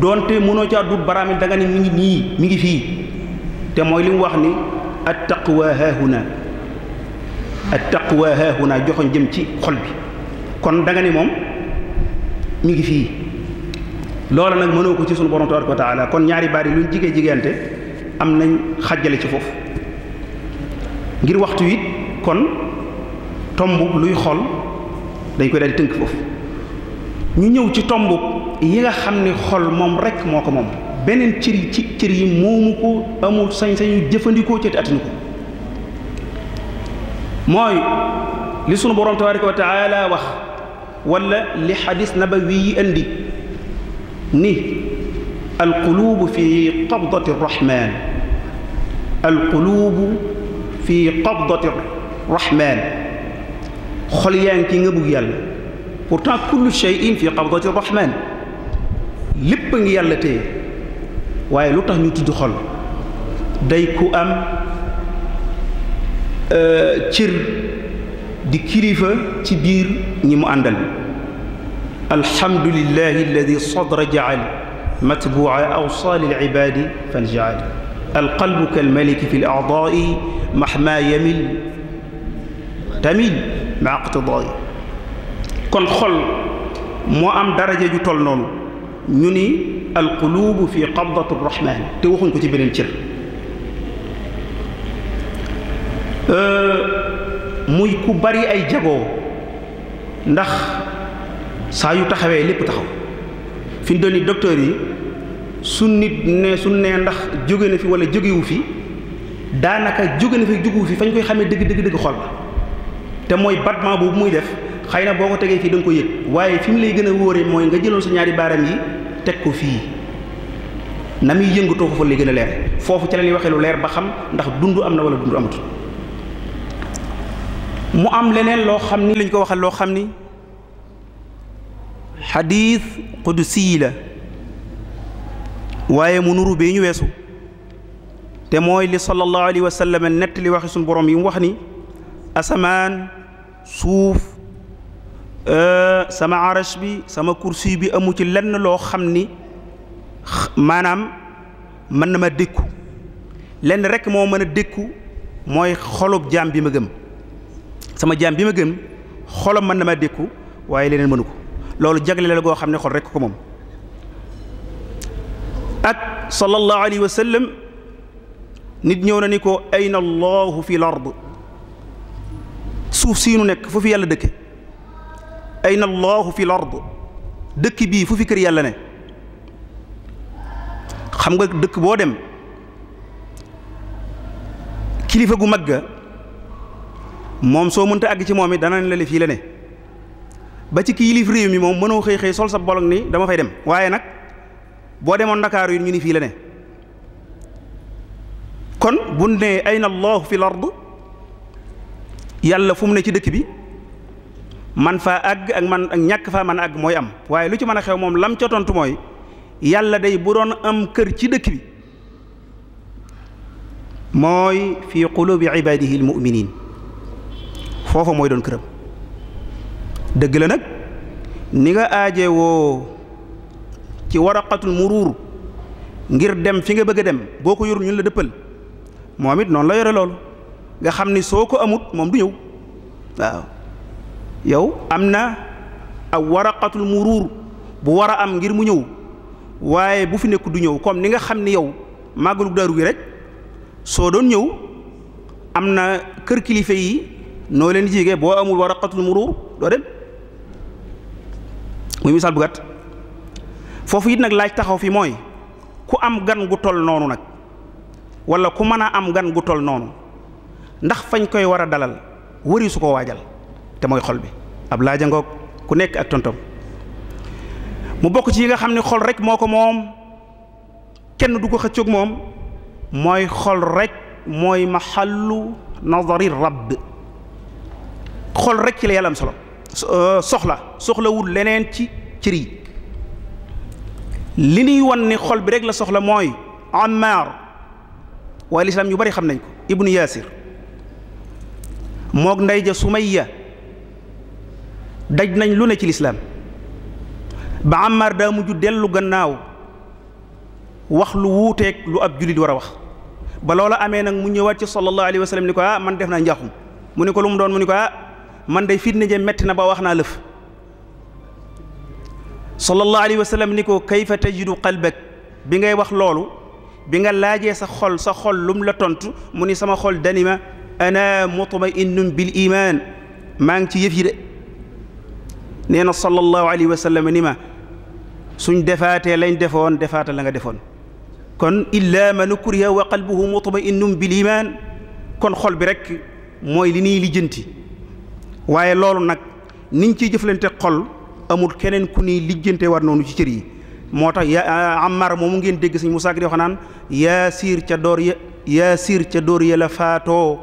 doonte mënoo caa dut baraam yi da nga ne mi ngi nii mi ngi fii te mooy li wax ni at taqwa haahuna ak at taqwa naa joxoñ jëm ci xol bi kon da nga moom ñu ngi fii loola nag mënoo ko ci sunu borom tabaraka wa taala kon ñaari baat yi luñ jigee jigéente am nañ xajjale ci foofu ngir waxtu wi kon tomb luy xol dañ koy daal di tënk foofu ñu ñëw ci tomb yi nga xam ne xol moom rek moo ko moom beneen cër yi ci cër yi moomu ko amul sañ-sañu jëfandikoo ci te atinu ko mooy li sunu borom tabaraka wa taala wax wala li xadis nabawi yi indi ni alqulubu fi qabdati arrahman alqulubu fi qabdati arrahman xol yaa ngi nga bugg yàlla pourtant kullu shay'in fi qabdati arrahman lépp a ngi yàlla téye waaye lu tax ñu tudd xol day ku am Euh, cër di kilifa ci biir ñi mu àndal alhamdulillahi alladi sadra jaal matbuca awsaali alcibaadi faljaal alqalbu kalmaliki fi lacdaai mahma yamil tamil maa iqtidaai kon xol moo am daraja ju toll noonu ñu ni alqulubu fi qabdati rrahman te waxuñ ko ci beneen cër Euh, muy ku bari ay jagoo ndax saa yu taxawee lépp taxaw fi ñu doon ni docteur yi su nit ne su nee ndax jóge na fi wala jógewu fi daanaka jóge na fi jógewu fi fañ koy xamee dëgg dëgg dëgg xol la te mooy battement boobu muy def xëy na boo ko tegee fii da ko yëg waaye fi mu lay gën a wóoree mooy nga jëloon sa ñaari baaram yi teg ko fii na muy yëngatoo ko fa lay gën a leer foofu ca la ñuy waxee lu leer ba xam ndax dund am na wala dund amatul. mu am leneen loo xam ni lañ ko waxal loo xam ni xadiis qudusi la waaye mu nuru bee ñu weesu te mooy li sallallahu alayhi wa sallam nett li waxi suñu borom yi mu wax ni asamaan suuf euh, sama arash bi sama kursi bi amu ci lenn loo xam ni maanaam mën na ma dékku lenn rekk moo mën a dékku mooy xolub jaam bi ma gëm sama jaam bi ma gën xolam mën na maa dékku waaye leneen mënu ko loolu jagleel goo xam ne xol rekk ko moom ak sallallahu alayhi wa sallam nit ñëw na ni ko ayna allahu fi lard suuf siinu nekk fu fi yàlla dëkke ayna allahu fi lard dëkk bii fu fi kër yàlla ne xam nga dëkk boo dem kilifa gu mag ga moom soo mënta àgg ci moom it danañ la li fii la ne ba ci kii yilif réew mi moom mënoo xëy xëy sol sa bolog ni dama fay dem waaye nag boo demoon ndakaaru yi ñu ni fii la ne kon bu ne ayna allahu fi lard yàlla fu mu ne ci dëkk bi man faa àgg ak man ak ñàkk faa man àgg mooy am waaye lu ci mën a xew moom lam ca tontu mooy yàlla day bu doon am kër ci dëkk bi mooy fi qulubi ibadihi almuminin foofa mooy doon këram dëgg la nag ni nga aaje woo ci waraqatul ruur ngir dem fi nga bëgg a dem boo ko yorul ñun la dëppal moom it noonu la yore loolu nga xam ni soo ko amut moom du ñëw waaw yow am na ab mu ruur bu war a am ngir mu ñëw waaye bu fi nekk du ñëw comme ni nga xam ni yow màggalu daaru gi rek soo doon ñëw am na kër kilifa yi noo leen jigee boo amul waraqatul muruur doo dem muy misaal bu foofu it nag laaj taxaw fi mooy ku am gan gu tol noonu nag wala ku mën a am gan gu toll noonu ndax fañ koy war a dalal wëri su ko waajal te mooy xol bi ab laaja ngoog ku nekk ak tontom mu bokk ci yi nga xam ne xol rek moo ko moom kenn du ko xëccoog moom mooy xol rek mooy maxallu nazari rabb xol rek ci la yàlla am solo euh, soxla soxlawul leneen ci cër li ñuy wan ni xol bi rek la soxla mooy Ammaar waaye lislaam ñu bari xam nañ ko ibnu Yaasir moog ndey ja Sumayya daj nañ lu ne ci lislaam ba Ammaar daa mujj dellu gannaaw wax lu wuuteeg lu ab jullit war a wax ba loolu amee nag mu ñëwaat ci sallallahu alayhi ni ko ah man def naa njaaxum mu ni ko lu mu doon mu ni ko ah man day fitna je metti na ba wax naa lëf sallallahu alayhi wa sallam ni ko kayfa tajidu qalbak bi ngay wax loolu bi nga laajee sa xol sa xol lum la tontu mu ni sama xol dani ma ana mutma'innun bil iman maa ngi ci yëf yi de nee na sallallahu alayhi wa sallam ni ma suñ defaatee lañ defoon defaata la nga defoon kon illa man kuriha wa qalbuhu mutma'innun bil iman kon xol bi rek mooy li ñuy lijjanti waaye loolu nag niñ ciy jëflante xol amul keneen ku ni lijjante war noonu ci cër yi moo tax ya ah, Ammar moomu ngeen dégg sëñ Musaa di wax naan yaa siir ca door ya yaa siir ca door ya la faatoo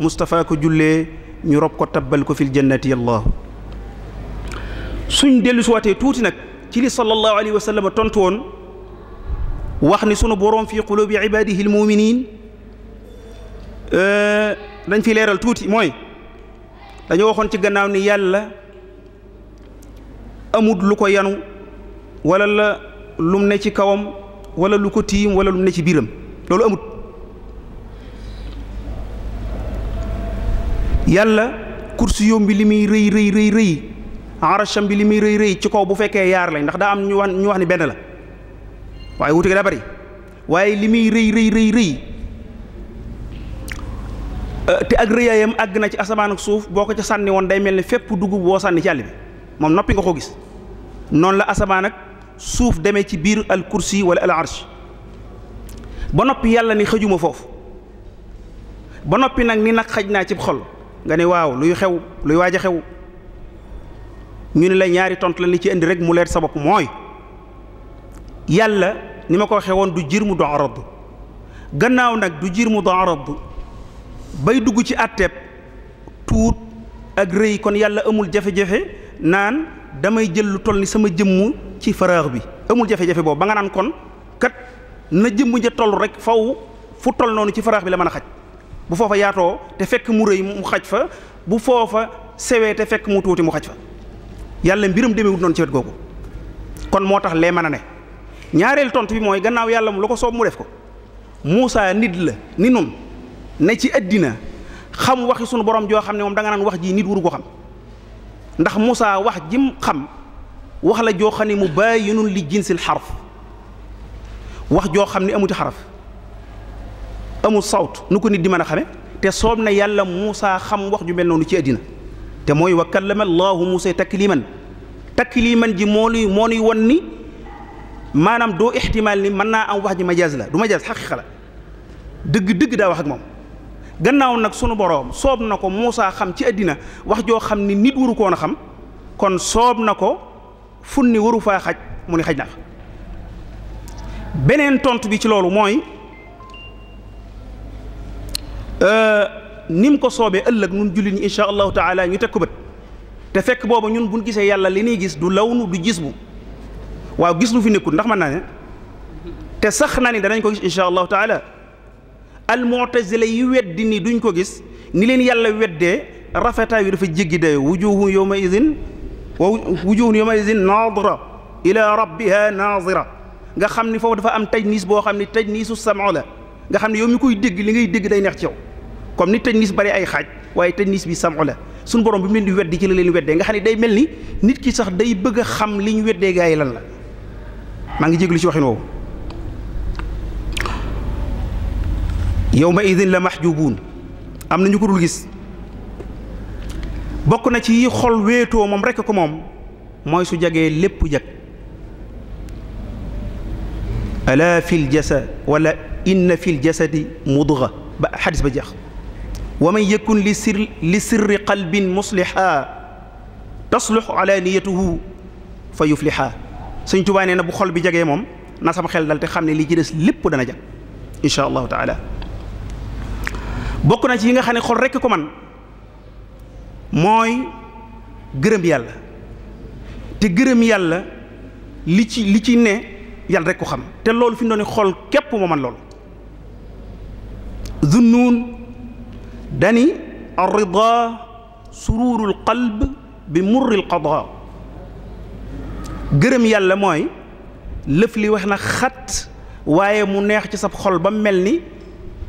Moustapha ko jullee ñu rob ko tabbal ko fil jannati yàlla suñ dellu suwaatee tuuti nag ci li sallallahu alayhi wa sallam tontu woon wax ni sunu boroom fi qulubi ibadihi al muminin euh, dañ fi leeral tuuti mooy dañu waxoon ci gannaaw ni yàlla amut lu ko yanu walla la lum ne ci kawam wala lu ko tiim wala lum ne ci biiram loolu amut yàlla kursi yom bi li muy rëy rëy rëy rëy arasham bi li muy rëy rëy ci kaw bu fekkee yaar lañ ndax daa am ñu wax ñu wax ni benn la waaye wuute gi daa bari waaye li muy rëy rëy rëy rëy te ak rëyaayam àgg na ci asamaan ak suuf boo ko ca sànni woon day mel ni fépp dugub boo sànni ci àll bi moom noppi nga ko gis noonu la asamaan ak suuf demee ci biir al kursi wala al arsh ba noppi yàlla ni xëjuma foofu ba noppi nag ni nag xaj naa ci xol nga ne waaw luy xew luy waaj a xew ñu ne la ñaari tontu la li ci indi rek mu leer sa bopp mooy yàlla ni ma ko waxee woon du jiir mu do arad gannaaw nag du jiir mu do arad bay dugg ci àtteeb tuut ak rëy kon yàlla amul jafe-jafe naan damay jël lu toll ni sama jëmm ci faraax bi amul jafe-jafe boobu ba nga naan kon kat na jëmm ja toll rek faw fu toll noonu ci faraax bi la mën a xaj bu foofa yaatoo te fekk mu rëy mu xaj fa bu foofa sewee te fekk mu tuuti mu xaj fa yàlla mbiram demewut noonu ci wet googu kon moo tax lee mën a ne ñaareel tontu bi mooy gannaaw yàlla mu lu ko soob mu def ko muusa nit la ni nun ne ci àddina xam waxi sunu borom joo xam ne moom danga nga naan wax ji nit wuru ko xam ndax Moussa wax jim xam wax la joo xam ne mu bàyyinun li jinsil xaraf wax joo xam ne amuti xaraf amul sawt nu ko nit di mën a xame te soob na yàlla Moussa xam wax ju mel noonu ci àddina te mooy wa kallama allahu Moussa takliman takliman ji moo nuy moo nuy won ni maanaam doo ixtimaal ni mën naa am wax ji majaaz la du majaaz xaqiqa la dëgg-dëgg daa wax ak moom gannaaw nag sunu boroom soob na ko Muusaa xam ci àddina wax joo xam ni nit waru koon a xam kon soob na ko funni waru faa xaj mu ni xaj na beneen tontu bi ci loolu mooy euh, ni mu ko soobee ëllëg nun jullit ñi insha allahu taala ñu teg ko bët te fekk boobu ñun bu gisee yàlla li ñuy gis du lawnu du gis bu waaw gis lu fi nekkul ndax mën naa ne te sax na ni danañ ko gis insha allahu taala almutazila yi weddi ni duñ ko gis ni leen yàlla weddee rafetaay yu dafa jéggi dayo wujuhun ma idin wa wujuhun yawma idin naadira ila rabbiha naadira nga xam ni foofu dafa am tajnis boo xam ni tajnisu samo la nga xam ne yow mi koy dégg li ngay dégg day neex ci yow comme ni tajnis bari ay xaaj waaye tajnis bi samo la suñu borom bi mu leen di weddi ci la leen weddee nga xam ne day mel ni nit ki sax day bëgg a xam li ñu weddee gaa yi lan la maa ngi jéglu ci waxin yawma idin la mahjubuun am na ñu ko dul bokk na ci xol wéetoo moom rekk ko moom mooy su jagee lépp jag ala fil jasad wala inna fil jasadi mudga ba xadis ba jeex wa man yakun li sir li sirri qalbin musliha tasluxu ala niyatuhu fa yufliha Sëñ Tuubaa nee na bu xol bi jagee moom nasam sama xel dal te xam ne li ci des lépp dana jag incha allahu taala bokk na ci yi nga xam ne xol rekk ko man mooy gërëm yàlla te gërëm yàlla li ci li ci ne yàlla rek ko xam te loolu fi mu doon xol képp moo man loolu zunnuun dani arrida sururul qalb bi murril qada gërëm yàlla mooy lëf li wax na xat waaye mu neex ci sab xol ba mel ni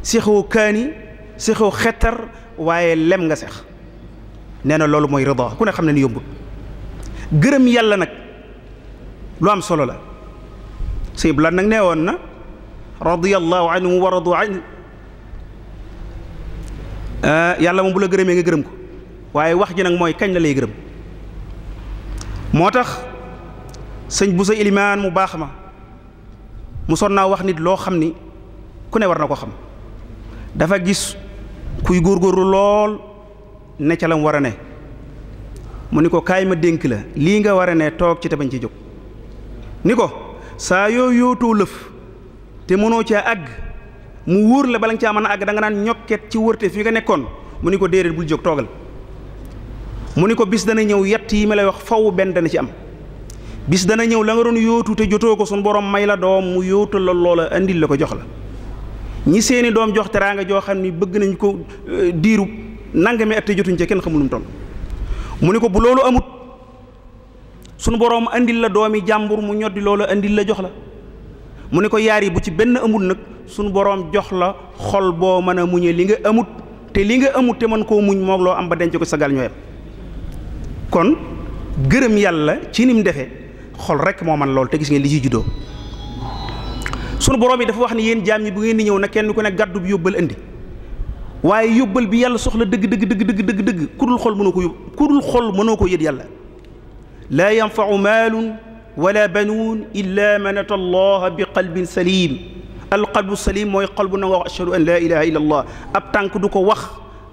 sixoo kaani sexoo xettar waaye lem nga sex nee na loolu mooy rida ku ne xam ne ni yombut gërëm yàlla nag lu am solo la sëñ bi lan nag nee woon na radiyallahu anhu wa radu anhu ah, yàlla moom bu la gërëmee nga gërëm ko waaye wax ji nag mooy kañ la lay gërëm moo tax sëñ bu sa ilimaan mu baax ma mu son naa wax nit loo xam ni ku ne war na ko xam dafa gis kuy góor góorgóorlu lool ne ca lam war a ne mu ni ko kaay ma dénk la lii nga war a ne toog ci te bañ ci jóg ni ko saa yoo yootoo lëf te mënoo caa àgg mu wóor la bala nga caa mën a àgg da nga naan ñokket ci wërte fi nga nekkoon mu ni ko déedéet bul jóg toogal mu ni ko bis dana ñëw yett yi ma lay wax faw benn dana ci am bis dana ñëw la nga doon yóotu te jotoo ko suñu borom may la doom mu yóotal la loola andil la ko jox la ñi seeni doom jox teraanga joo xam ni bëgg nañ ko euh, diiru nangami at te jotuñ ca kenn xamul nu mu toll ni ko bu loolu amut suñu boroom indil la doomi jàmbur mu ñoddi loolu indil la jox la mu ni ko yaar yi bu ci benn amut nag suñu boroom jox la xol boo mën a muñe li nga amut te li nga amut te mën koo muñ moog loo am ba denc ko sagal ñooyam kon gërëm yàlla ci nim defe xol rekk moo mën loolu te gis ngeen li ciy juddoo sunu borom yi dafa wax ni yéen jaam ñi bu ngeen di ñëw na kenn ko ne gàddu bi yóbbal indi waaye yóbbal bi yàlla soxla dëgg dëgg dëgg dëgg dëgg dëgg kudul xol mënoo ko yób kudul mënoo ko yët yàlla laa yanfau maalun wala banuun illa man ata allah bi qalbin salim alqalbu salim mooy xalbu na nga wax ashhadu ab tànk du ko wax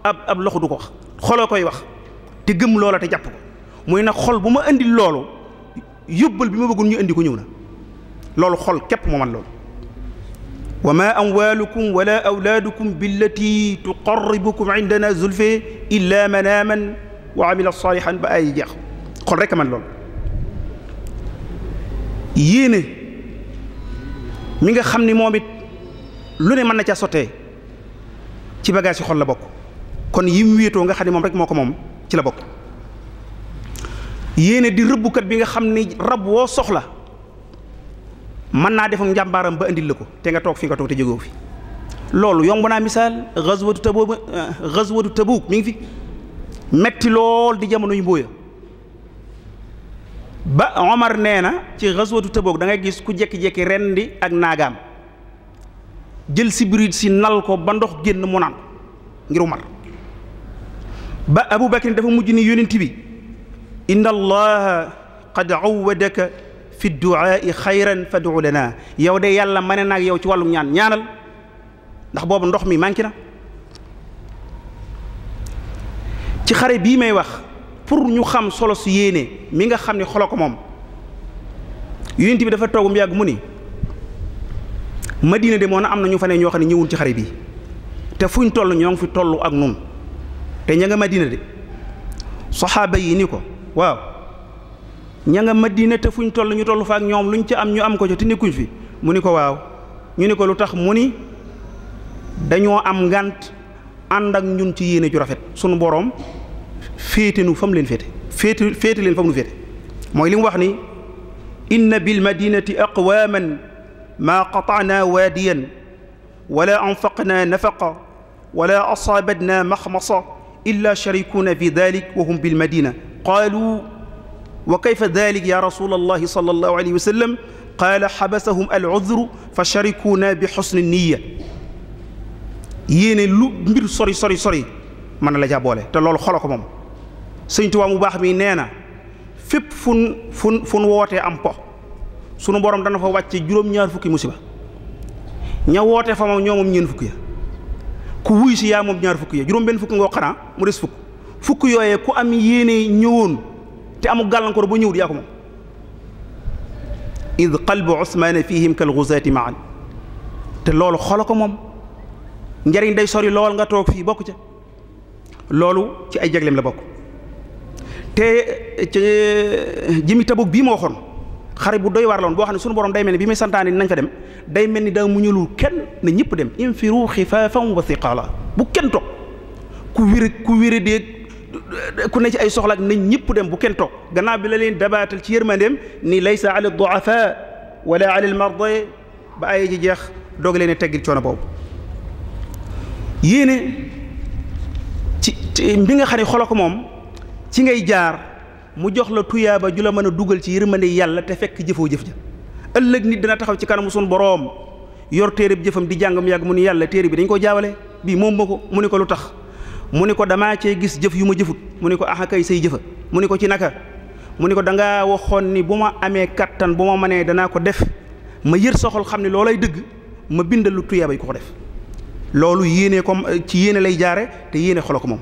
ab loxo du ko wax xoloo koy wax te gëm loola te jàpp ko muy nag xol bu ma indi loolu yóbbal bi ma bëggoon ñu indi ko ñëw na loolu xol képp moo man loolu wa maa amwaalukum wala awlaadukum billati tuqarribukum indana zulfe illa man aaman wa amila saalihan ba ay jeex xol rek man lool yéene mi nga xam ni moom it lu ne mën na caa sottee ci bagage yi xol la bokk kon yim wéetoo nga xam ne moom rek moo ko moom ci la bokk yéene di rëbbukat bi nga xam ni rab woo soxla mën naa defum njàmbaaram ba indil la ko te nga toog fi nga toog te jógoo fi loolu yomb naa misaal xaswatu Tabuk xaswatu Tabuk mi ngi fi metti lool di jamono yu mbóoya ba Omar nee na ci xaswatu Tabuk dangay gis ku jekki-jekki rendi ak naagaam jël sibiriit si nal ko ba ndox génn mu ngir Omar ba Abu Bakrin dafa mujj ni yónent bi inna allaha qad awwadaka fi duaai xayran fadu naa yow de yàlla mane naag yow ci wàllu ñaan ñaanal ndax boobu ndox mi manqué na ci xare bii may wax pour ñu xam solo su yéene mi nga xam ne xolo ko moom yonent bi dafa toogum yàgg mu ni madina de moo na am na ñu fa ne ñoo xam ne ñëwul ci xare bi te fuñ toll ñoo ngi fi toll ak nun te ña nga madina de saxaaba yi ni ko waaw ña nga madina te fuñ toll ñu toll fa ak ñoom luñ ci am ñu am ko ca te nekkuñ fi mu ni ko waaw ñu ni ko lu tax mu ni dañoo am ngànt ànd ak ñun ci yéene ju rafet sunu boroom féete nu fa mu leen féete féete féete leen fa nu féete mooy li mu wax ni inna bil madinati aqwaman maa qataanaa waadiyan wala anfaqnaa nafaqa wala asaabatnaa maxmasa illa sharikuuna fi dalik wa hum bil madina qaalu wa kayfa dalik ya rasul allahi wa allahu alayhi wa sallam qaala xabasahum aludru fa sharikuuna bi xusni niya yéene lu mbir sori sori sori mën na la caa boole te loolu xolo ko moom sëñ mu baax mi nee na fépp fun fun wootee am po sunu borom dana fa wàcce juróom-ñaar fukki musiba ña woote fa moom ñoo moom ñeen fukki ya ku wuy si yaa moom ñaar fukki ya juróom benn fukki ngoo xanaa mu des fukk fukk yooyee ku am yéene ñëwoon te amul gàllankoor bu ñëwut yaa ko moom id qalbu usmaana fihim kal gusaati maan te loolu xolo ko moom njariñ day sori lool nga toog fii bokk ca loolu ci ay jaglem la bokk te ci tabuk bii moo waxoon xare bu doy waar la boo xam ne sunu borom day mel ni bi muy santaane nañ fa dem day mel ni daa muñulul kenn ne ñëpp dem infiru xifaafan wa siqaala bu kenn toog ku wér ku wér déeg ku ne ci ay soxla ak nañ ñëpp dem bu kenn toog gannaaw bi la leen dabaatal ci yërmandeem ni laysa ala duafa wala ala al marda ba ay ji jeex doog leen teggil coono boobu yéene ci bi nga xam ne xolo ko moom ci ngay jaar mu jox la tuyaaba ju la mën a dugal ci yërmande yàlla te fekk jëfoo jëf ja ëllëg nit dina taxaw ci kanamu sun boroom yor téere bi jëfam di jàngam yàgg mu ni yàlla téere bi dañ koo jaawale bii moom ma ko mu ni ko lu tax mu ni ko damaa cee gis jëf yu ma jëfut mu ni ko axa ah kay say jëfa mu ni ko ci naka mu ni ko danga waxoon ni bu ma amee kattan bu ma manee danaa ko def ma yër soxol xam ne loolu loolay dëgg ma bindal lu tuyaabay ku ko def loolu yéene comme ci yéene lay jaare te yéene xolo ko moom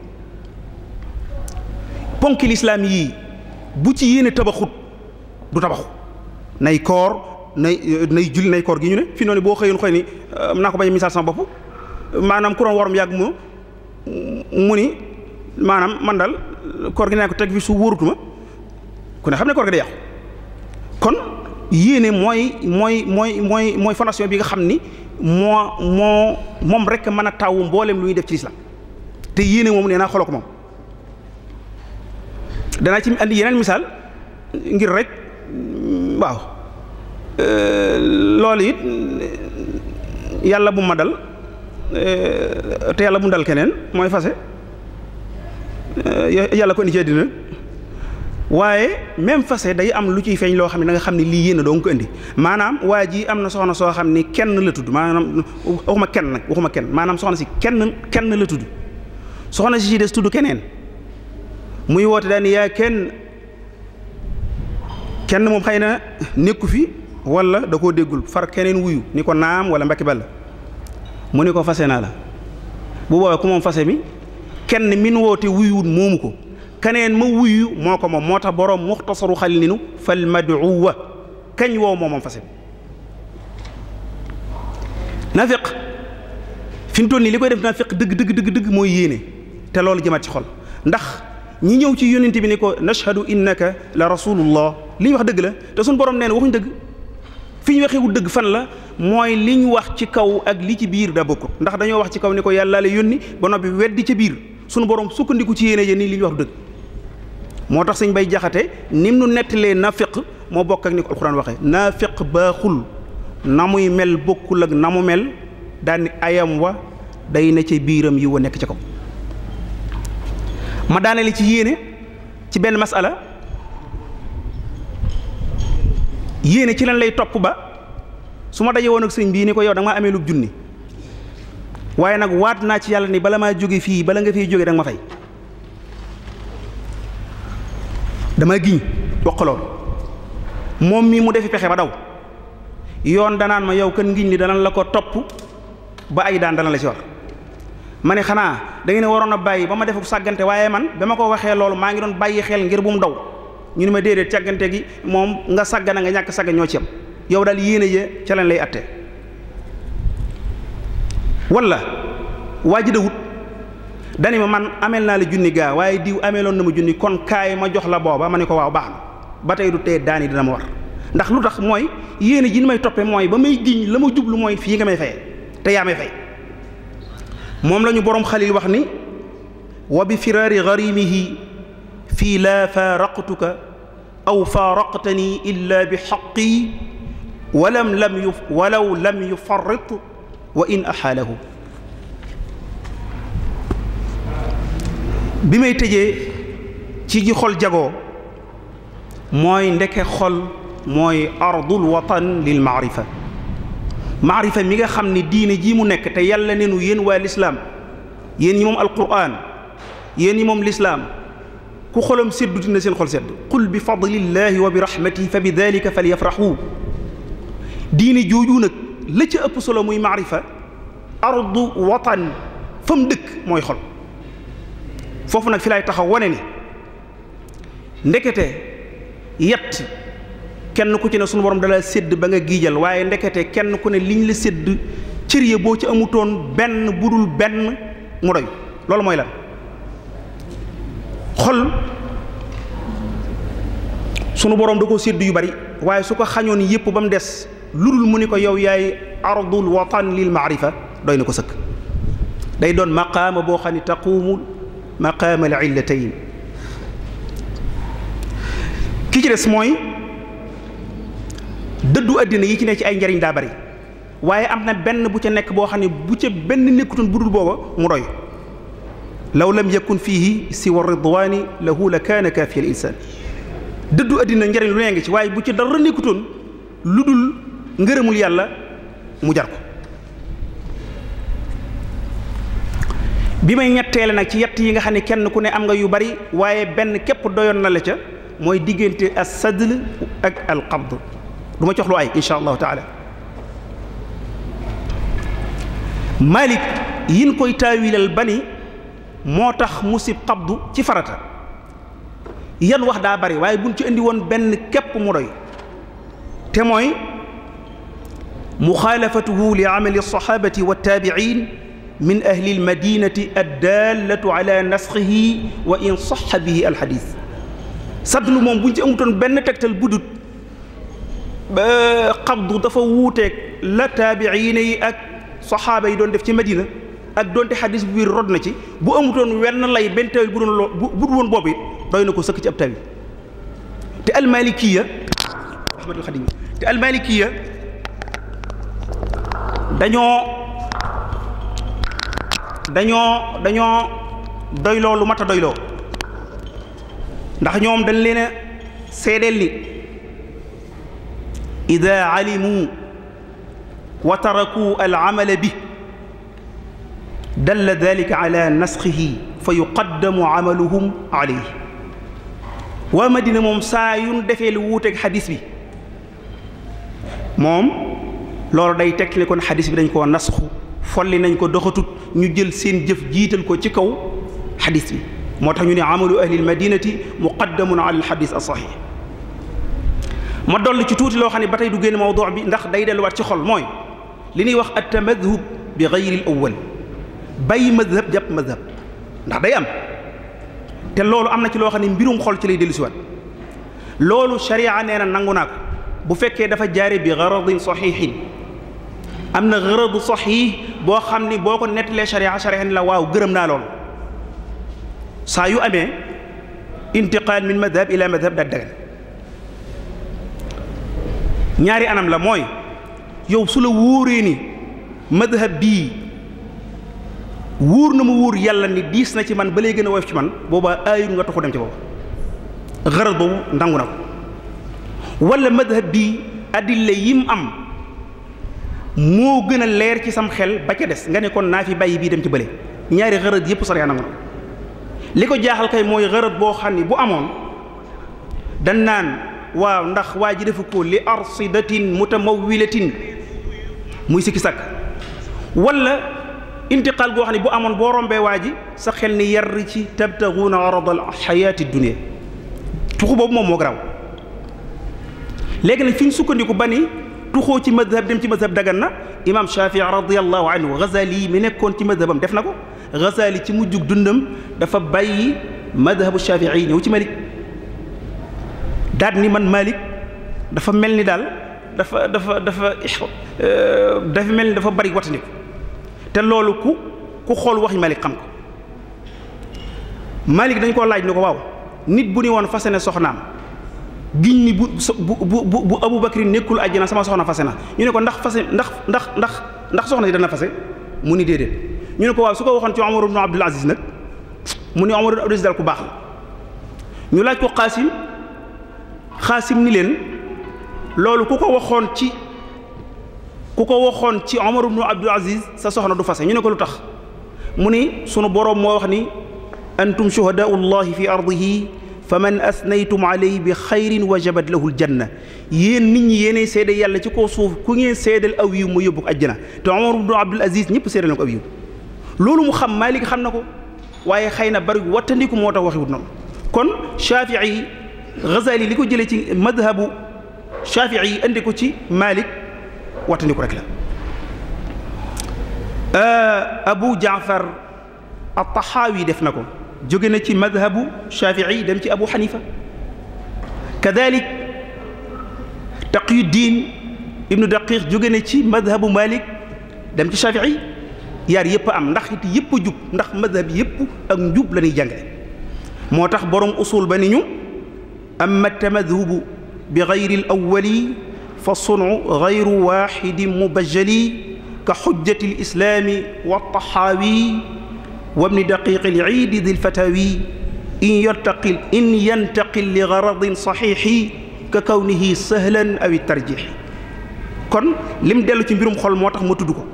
ponki lislaam yii bu ci yéene tabaxut du tabaxu nay koor nay nay julli nay koor gi ñu ne fi noonu boo xëyoon xëy ni euh, naa ko bañ misaal sama bopp maanaam ku doon warum yàgg mu ni maanaam man daal koor gi naa ko teg fi su wóorutuma ku ne xam ne koor gi day yàqu kon yéene mooy mooy mooy mooy mooy fondation bi nga xam ni moo moo moom rek mën a taw mbooleem lu ñuy def ci lislaam te yéene moom nee naa xoloo ko moom danaa ci andi yeneen misaal ngir rek waaw euh, loolu it yàlla bu ma dal Eh, te yàlla mu dal keneen mooy fase eh, yàlla ko ni ci àddina waaye même fase day am lu ciy feeñ loo xam ne danga xam ne lii yéen a doon ko indi maanaam waa ji am na soxna soo xam ni kenn la tudd maanaam waxuma kenn nag waxuma kenn maanaam soxna si kenn kenn la tudd soxna si si des tudd keneen muy woote daal ni kenn kenn moom xëy na nekku fi wala da koo déggul far keneen wuyu ni ko naam wala mbakki bal mu ne ko fase naa la bu boobee ku moom fase bi kenn min woote wuyuwut moomu ko keneen ma wuyu moo ko moom moo tax boroom muxtasaru xalil ninu fal maduwa kañ woow moo moom fase bi nafiq fi mu toll nii li koy def nafiq dëgg dëgg dëgg dëgg mooy yéene te loolu jëmaat ci xol ndax ñi ñëw ci yónent bi ni ko nashhadu innaka la rasulullah li ñu wax dëgg la te suñ borom nee na waxuñ dëgg fi ñu dëgg fan la mooy liñ wax ci kaw ak li ci biir daa bokkut ndax dañoo wax ci kaw ni ko yàlla yónni ba noppi weddi ca biir sunu borom sukkandiku ci yéene yéen nii li ñu wax dëgg moo tax sëñ bay jaxate nim nu nettalee naafiq moo bokk ak ni ko alxuraan waxee naafiq baaxul na muy mel bokkul ak na mu mel daan ayam wa day na ca biiram yiw wa nekk ci kaw ma li ci yéene ci benn masala yéene ci lan lay topp ba su ma daje woon ak sëñ bii ni ko yow da nga maa amee lu junni waaye nag waat naa ci yàlla ni bala maa jóge fii bala nga fiy jóge da nga ma fay dama giñ wax loolu moom mii mu defi pexe ba daw yoon danaan ma yow kën ngiñ li danañ la ko topp ba ay daan dana la ci war ma ne xanaa da ngeen ne waroon a bàyyi ba ma defuk sàggante waaye man ba ma ko waxee loolu maa ngi doon bàyyi xel ngir bu mu daw ñu ne ma déedéet càggante gi moom nga na nga ñàkk sàgga ñoo yow daal yéene jee ca lañ lay atte wala waa ji dawut dani ma man ameel naa la junni gaa waaye diw ameeloon na ma junni kon kaay ma jox la booba ma ne ko waaw baax na ba tey du tee daan yi dina ma war ndax lu tax mooy yéene ji ni may toppe mooy ba may giñ la ma jublu mooy fii nga may faye te yaa may fay moom lañu ñu boroom xalil wax ni wa bi firaari garimihi fii laa faaraqtuka aw faaraqtani illa bi xaqi walam lam yu walaw lam yufarrit wa in axaalahu bi may tëjee ci ji xol jagoo mooy ndeke xol mooy ardul watan lil maarifa maarifa mi nga xam ni diine jii mu nekk te yalla ne nu yéen waa lislaam yéen ñi moom alquran yéen ñi moom lislaam ku xolam seddu dina seen xol sedd qul bi fadlillahi wa bi rahmatihi fa bi dalika falyafraxu diine jooju nag la ca ëpp solo muy maarifa ardu watan fa mu dëkk mooy xol foofu nag fi lay taxaw wone ni ndekete yett kenn ku ci ne sunu borom dala sedd ba nga giijal waaye ndekete kenn ku ne li liñ la sedd cër ya boo ci amutoon benn budul benn mu doy loolu mooy lan xol sunu borom da koo sedd yu bari waaye su ko xañoon yépp ba mu des lu dul mu ni ko yow yaay ardul watan lil maarifa doy na ko sëkk day doon maqaama boo xam ne taqumu maqaama al illatayn ki ci des mooy dëddu àddina yi ci ne ci ay njariñ daa bari waaye am na benn bu ca nekk boo xam ne bu ca benn nekkutoon bu dul booba mu doy law lam yakun fiihi siwa ridwaani lahu kaana kaafiya insaan dëddu àddina njariñ lu nee ngi ci waaye bu ca dara nekkutoon lu ngërëmul yàlla mu jar ko bi may ñetteele nag ci yett yi nga xam ne kenn ku ne am nga yu bari waaye benn képp doyoon na la ca mooy diggante as sadl ak al qabd du ma jox ay insha allahu taala malik yin koy taawilal ba ni moo tax mu sib qabdu ci farata yan wax daa bari waaye buñ ci indi woon benn képp mu doy te mooy muxaalafatuhu li amali alsaxaabati waltaabiin min ahli almadinati addaalatu ala nasxihi wa in saxa bihi alxadis sadlu moom bu ñu ci amutoon benn tegtal budut xabdu dafa wuuteeg la taabiina yi ak saxaaba yi doon def ci madina ak doonte xadis bi biir rod ci bu amutoon wenn lay benn tawil bu doon woon boobu it doy na ko sëkk ci ab tawi te almalikiya ahmad alxadim te almalikiya dañoo dañoo dañoo doyloo lu mat doyloo ndax ñoom dañ leen a seedeel ni ida alimu wa taraku alamala bi dalla dalika ala nasxihi fa yuqaddamu amaluhum alayhi moom saa yun defee lu wuuteeg xadis bi moom loolu day tekki ne kon xadis bi dañ koo nasxu folli nañ ko doxatut ñu jël seen jëf jiital ko ci kaw xadis bi moo tax ñu ne amalu ahlil madinati muqaddamun ala alxadis asahih ma doll ci tuuti loo xam ne ba tey du génn mawdu bi ndax day delluwaat ci xol mooy li ñuy wax at tamadhub bi gayri al awal bàyyi madhab jàpp madhab ndax day am te loolu am na ci loo xam ne mbirum xol ci lay dellusiwaat loolu sharia nee na nangu naa ko bu fekkee dafa jaare bi garadin sahihin am na gërëbu sox yi boo xam ni boo ko nettalee sharia sharia ni la waaw gërëm naa lool saa yu amee intiqal min madhab ila madhab daal dagan ñaari anam la mooy yow su la wóoree ni madhab bii wóor na mu wóor yàlla ni diis na ci man ba lay gën a woyof ci man boobaa aayut nga taxu dem ci boobu xaral boobu ndangu na ko wala madhab bii addil la yim am moo gën a leer ci sam xel ba ca des nga ne kon naa fi bàyyi bii dem ci bële ñaari xërët yépp sariya nangu na li ko jaaxal kay mooy xërët boo xam ni bu amoon dan waaw ndax waa ji defu ko li arsidatin mutamawilatin muy sikki sàkk wala intiqaal goo xam ne bu amoon boo rombee waa ji sa xel ni yar ci tabtaxuuna aradal xayaati dunia tuxu boobu moom moo garaaw léegi nag fi sukkandiku ba ni tuxoo ci mazhab dem ci mazhab dagan na imam shafii radiallahu anhu ghazali mi nekkoon ci mazhabam def na ko ghazali ci mujjug dundam dafa bàyyi mazhabu shafii ñëw ci malik daat ni man malik dafa mel ni daal dafa dafa dafa euh, dafa mel ni dafa bari wattandiku te loolu ku ku xool waxi malik xam ko malik dañ koo laaj ni ko waaw nit bu ni woon fase ne giñ ni bu bu bu bu Aboubacry nekkul àjjana sama soxna fase na ñu ne ko ndax fase ndax ndax ndax ndax soxna si dana fase mu ni déedéet ñu ne ko waaw su ko waxoon ci Omar ibn Abdul Aziz mu ni Omar ibn Abdul baax la ñu laaj ko xaasim xaasim ni leen loolu ku waxoon ci ku ko waxoon ci Omar ibn Abdul sa soxna du fase ñu ne ko lu tax mu ni sunu borom moo wax ni antum shuhadaa'u llahi fi ardihi fa man asnaytum alayhi bi xayrin wajabat lahu aljanna yéen nit ñi yéenay seede yàlla ci kaw suuf ku ngeen seedal aw yiw mu yóbbu ko ajjana ñëpp seedal na ko aw loolu mu xam Maalik xam na ko waaye xëy na bari wattandiku moo tax noonu kon Shafii Ghazali li ko jëlee ci madhabu Shafii yi indi ko ci Maalik wattandiku rek la euh, Abu Jaafar at def na ko jóge na ci madhabu shafii dem ci abu xanifa kadalik taqiyuddin ibnu daqiq jóge na ci madhabu malik dem ci shafii yar yëpp am ndax yépp yëpp jub ndax madhab yëpp ak njub la ñuy jàngale moo tax borom usul ba ni ñu amma tamadhubu bi gayri l fa sunu gayru waxidin mubajali ka xujjati l wa taxaawi wabni daqiqi liidi di lfatawi in yantaqil in yantaqil li garadin saxiixi ka kawnihi sahlan awi tarjixi kon lim dellu ci mbirum xol moo tax ma tudd ko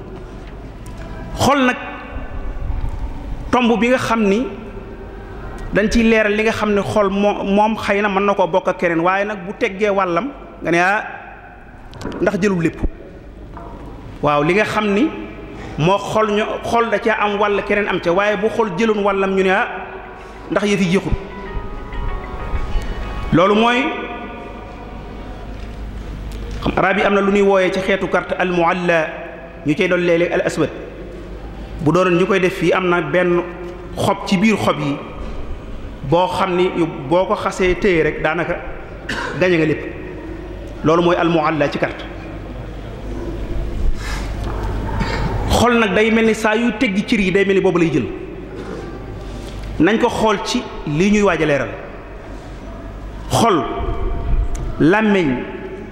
xol nag tomb bi nga xam ni dañ ciy leeral li nga xam ne xol moom xëy na mën na koo bokk ak keneen waaye nag bu teggee wàllam nga ne ah ndax jëlul lépp waaw li nga xam ni moo xol ñu xol da caa am wàll keneen am ca waaye bu xol jëloon wallam ñu ne ah ndax yëfi jeexul loolu mooy xam arab yi am na lu ñuy wooyee ci xeetu carte al mualla ñu cay doon léeg-léeg al aswad bu doonoon ñu koy def fii am na benn xob ci biir xob yi boo xam ni boo ko xasee téye rek daanaka gañe nga lépp loolu mooy al mualla ci carte xol nag day mel ni saa yuy teggi cir yi day mel ni boobu lay jël nañ ko xool ci lii ñuy waaj a leeral xol làmmiñ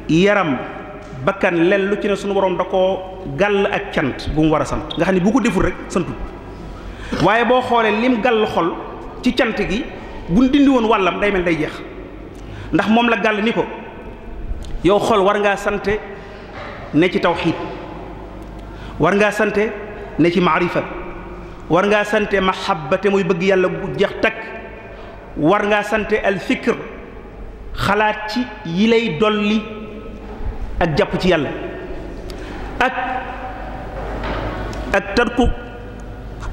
yaram bakkan len lu ci ne suñu borom da koo gàll ak cant bu mu war a sant nga xam ne bu ko deful rek santu waaye boo xoolee lim gàll xol ci cant gi buñ dindi woon wàllam day mel day jeex ndax moom la gàll ni ko yow xol war ngaa sante ne ci tawxiid war ngaa sante ne ci maarifa war ngaa sante te muy bëgg yàlla bu jeex takk war ngaa sante al xalaat ci yi lay dolli ak jàpp ci yàlla ak ak tarku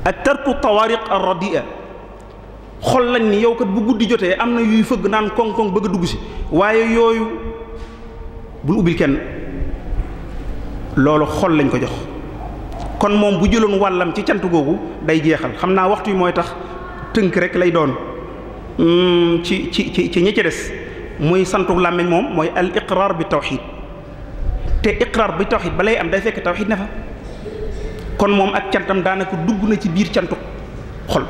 ak tarku tawaariq ar radia xol lañ ni yow kat bu guddi jotee am na yuy fëgg naan koŋ-koŋ bëgg a dugg si waaye yooyu bul ubbil kenn loolu xol lañ ko jox kon moom bu jëloon wàllam ci cant googu day jeexal xam naa waxtu yi mooy tax tënk rek lay doon hmm, ci ci ci ci ñi ci des muy santu làmmiñ moom mooy al iqrar bi tawxid te iqrar bi tawxid ba lay am day fekk tawxid ne fa kon moom ak cantam daanaka dugg na ci biir cantuk xol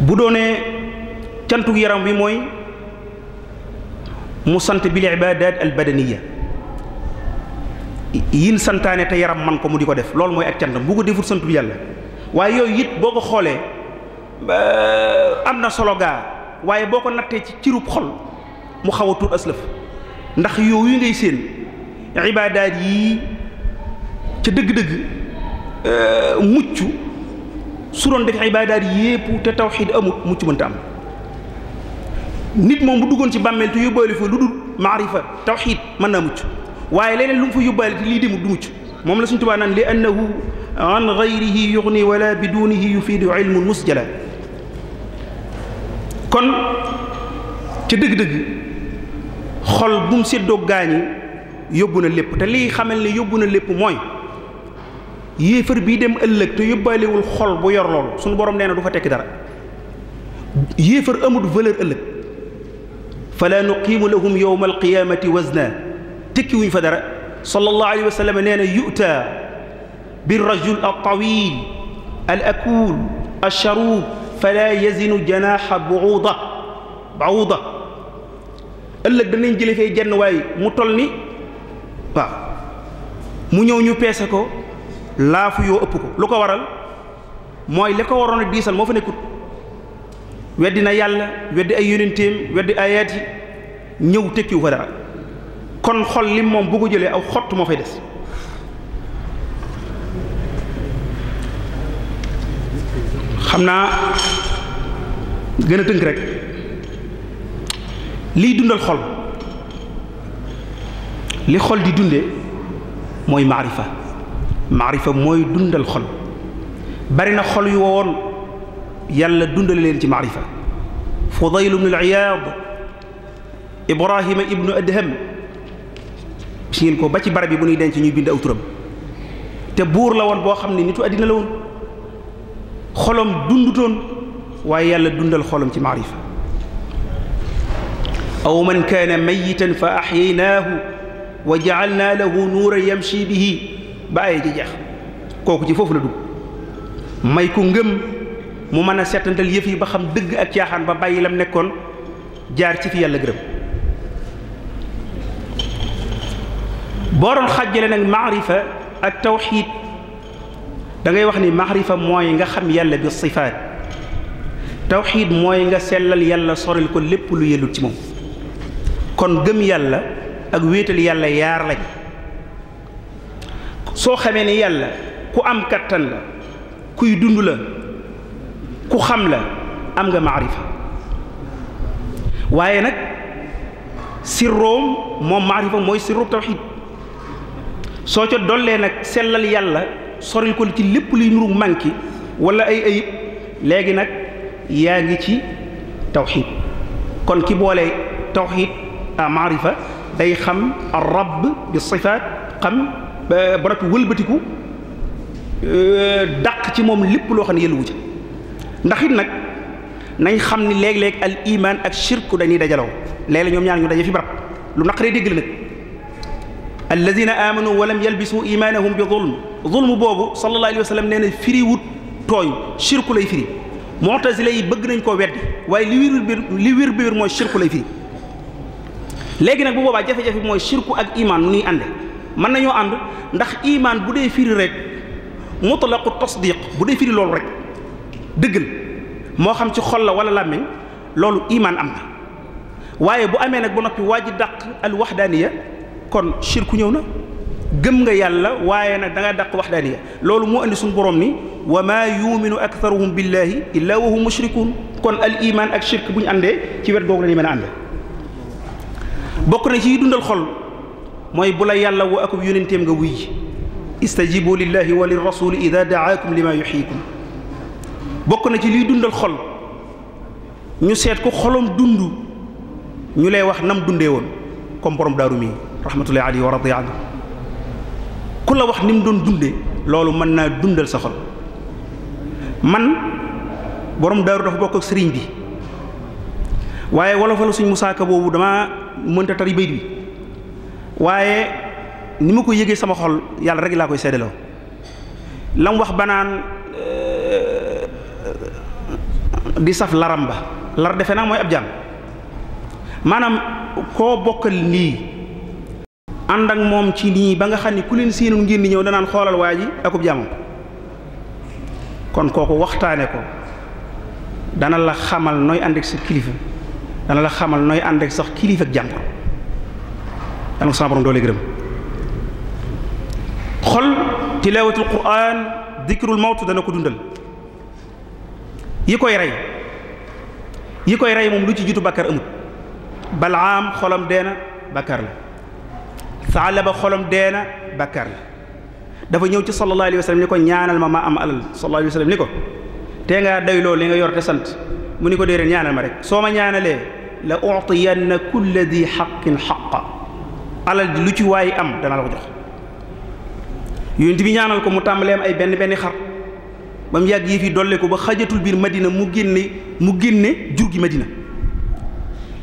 bu doonee cantuk yaram wi mooy mu sant bil ibadat al badaniya yim santaane te yaram man ko mu di ko def loolu mooy ak cantam bu ko defut santul yàlla waaye yooyu it boo ko xoolee euh, am na solo gaa waaye boo ko nattee ci cirub xol mu xaw a tuut aslëf ndax yooyu ngay seen ibaadaat yi ca dëgg-dëgg euh, mucc su doon def ibaadaat yépp te tawxiid amut mucc mënta am nit moom bu duggoon ci bàmmeel te yóbbaale fa lu dul maarifa tawxiid mën naa mucc waaye leneen lu mu fa yóbbaale te lii demul du mucc moom la suñu Tuubaa naan li annahu an gayrihi yugni wala bidunihi yufiidu ilmun musjala kon ca dëgg bu mu séddoo gaañi yóbbu na lépp te liy xamal ne yóbbu na lépp mooy yéefar bii dem ëllëg te yóbbaalewul xol bu yor suñu borom nee na du fa tekki dara yéefar amut valeur ëllëg fala nuqiimu lahum yowma alqiyamati wazna tekki fa dara sallallahu alayhi wa sallam nee na yu'ta bi rajul al tawil al akul al sharuub fala yazinu janaaxa buuda buuda ëllëg danañ jële fee jenn waay mu toll ni waaw mu ñëw ñu peese ko laafu yoo ëpp ko lu ko waral mooy li ko waroon a diisal moo fa nekkut weddi na yàlla weddi ay yónenteem weddi ayaat ñëw tekkiwu fa dara kon xol li moom bu ko jëlee aw xott moo fay des xam naa gën a tënk rek liy dundal xol li xol di dunde mooy maarifa maarifa mooy dundal xol bari na xol yu woon yàlla dundal leen ci maarifa Fudayl ibnu al-Iyaad Ibrahima ibnu Adham siin ko ba ci barab bi bu ñuy denc ñuy bind aw turam te buur la woon boo xam ne nitu àddina la woon xolom dundutoon waaye yàlla dundal xolom ci maarifa aw man kaana mayitan fa axyaynaahu wa jacalnaa lahu nuuran yamshi bihi ba aye ji jeex kooku ci foofu la dugg may ko ngëm mu mën a seetantal yëf yi ba xam dëgg ak caaxaan ba bàyyi lam nekkoon jaar ci fi yàlla gërëm boo doon xàjjale nag maarifa ak tawxiid dangay wax ni maarifa mooy nga xam yàlla bi sifaat tawxiid mooy nga sellal yàlla soril ko lépp lu yellut ci moom kon gëm yàlla ak wéetal yàlla yaar lañ soo xamee ni yàlla ku am kattan la kuy dund la ku xam la am nga maarifa waaye nag sirroom moom maarifa mooy sirroom tawxiid soo ca dollee nag sellal yàlla soril ko ci lépp luy nuru manki wala ay ayib léegi nag yaa ngi ci tawxid kon ki boole tawxid à maarifa day xam ar rabb bi sifaat xam euh, ba noppi wëlbatiku euh, dàq ci moom lépp loo xam ne yëluwu ci ndax it nag nañ xam ni léeg-léeg al iman ak shirku dañuy dajaloo léeg-léeg ñoom ñaar ñu daje fi barab lu naqaree dégg la nag alladina amanu walam yalbisu imaanahum bi zulm zulm boobu sallallahu alayhi wa sallam nee na firi wut tooñ shirku lay firi mu'tazila yi bëgg nañ koo weddi waaye li wér bi li wér bi wér mooy shirku lay firi léegi nag bu boobaa jafe-jafe mooy shirku ak imaan nu ñuy ànde mën nañoo ànd ndax imaan bu dee firi rek mutlaqu tasdiq bu dee firi loolu rek dëggal moo xam ci xol la wala làmmiñ loolu imaan am na waaye bu amee nag ba noppi waa ji dàq al ya kon shirku ñëw na gëm nga yàlla waaye nag da nga dàq waxdaaniya loolu moo indi suñu boroom ni wa maa yuminu aktharuhum billahi illa wa hum mushrikuun kon al iman ak shirk bu ñu àndee ci wet googu la ñuy mën a ànd bokk na ci dundal xol mooy bu la yàlla woo akub yónenteem nga wuy ji istajibu lillahi wa lirrasuli ida daakum lima yuxyikum bokk na ci liy dundal xol ñu seet ko xolom dund ñu lay wax nam dundee woon comme borom daaru mii rahmatullahi alayhi wa radiya anhu ku la wax ni mu doon dunde loolu mën naa dundal sa xol man boroom daaru dafa bokk ak sëriñ bi waaye wolofalu suñ musaaka boobu dama mënta tari bayt bi waaye ni ma ko yëgee sama xol yàlla rek laa koy seddaloo lam wax banaan di saf laram ba lar defe naa mooy ab jaam maanaam koo bokkal nii ànd ak moom ci nii ba nga xam ne ku leen séenul ngeen di ñëw danaan xoolal waa ji akub jàmm kon kooku waxtaane ko dana la xamal nooy ànd ak sa kilifa dana la xamal nooy ànd ak sax kilifa ak jàmm dana ko xol tilaawatul quraan dana ko dundal yi koy rey yi koy rey moom lu ci jiitu bàkkaar amut balaam xolam na bàkkaar la saala ba xolom dee na bàkkaar la dafa ñëw ci sallallahu alayhi wa sallam ni ko ñaanal ma ma am alal sallallahu alayhi wa sallam ni ko tee nga day li nga yor te sant mu ni ko déedéet ñaanal ma rek soo ma ñaanalee la utiyanna kulla di xaqin xaqa alal di lu ci waay am dana la ko jox yonent bi ñaanal ko mu tàmbalee am ay benn benn xar ba mu yàgg yëf yi dolle ko ba xajatul biir madina mu génne mu génne jur gi madina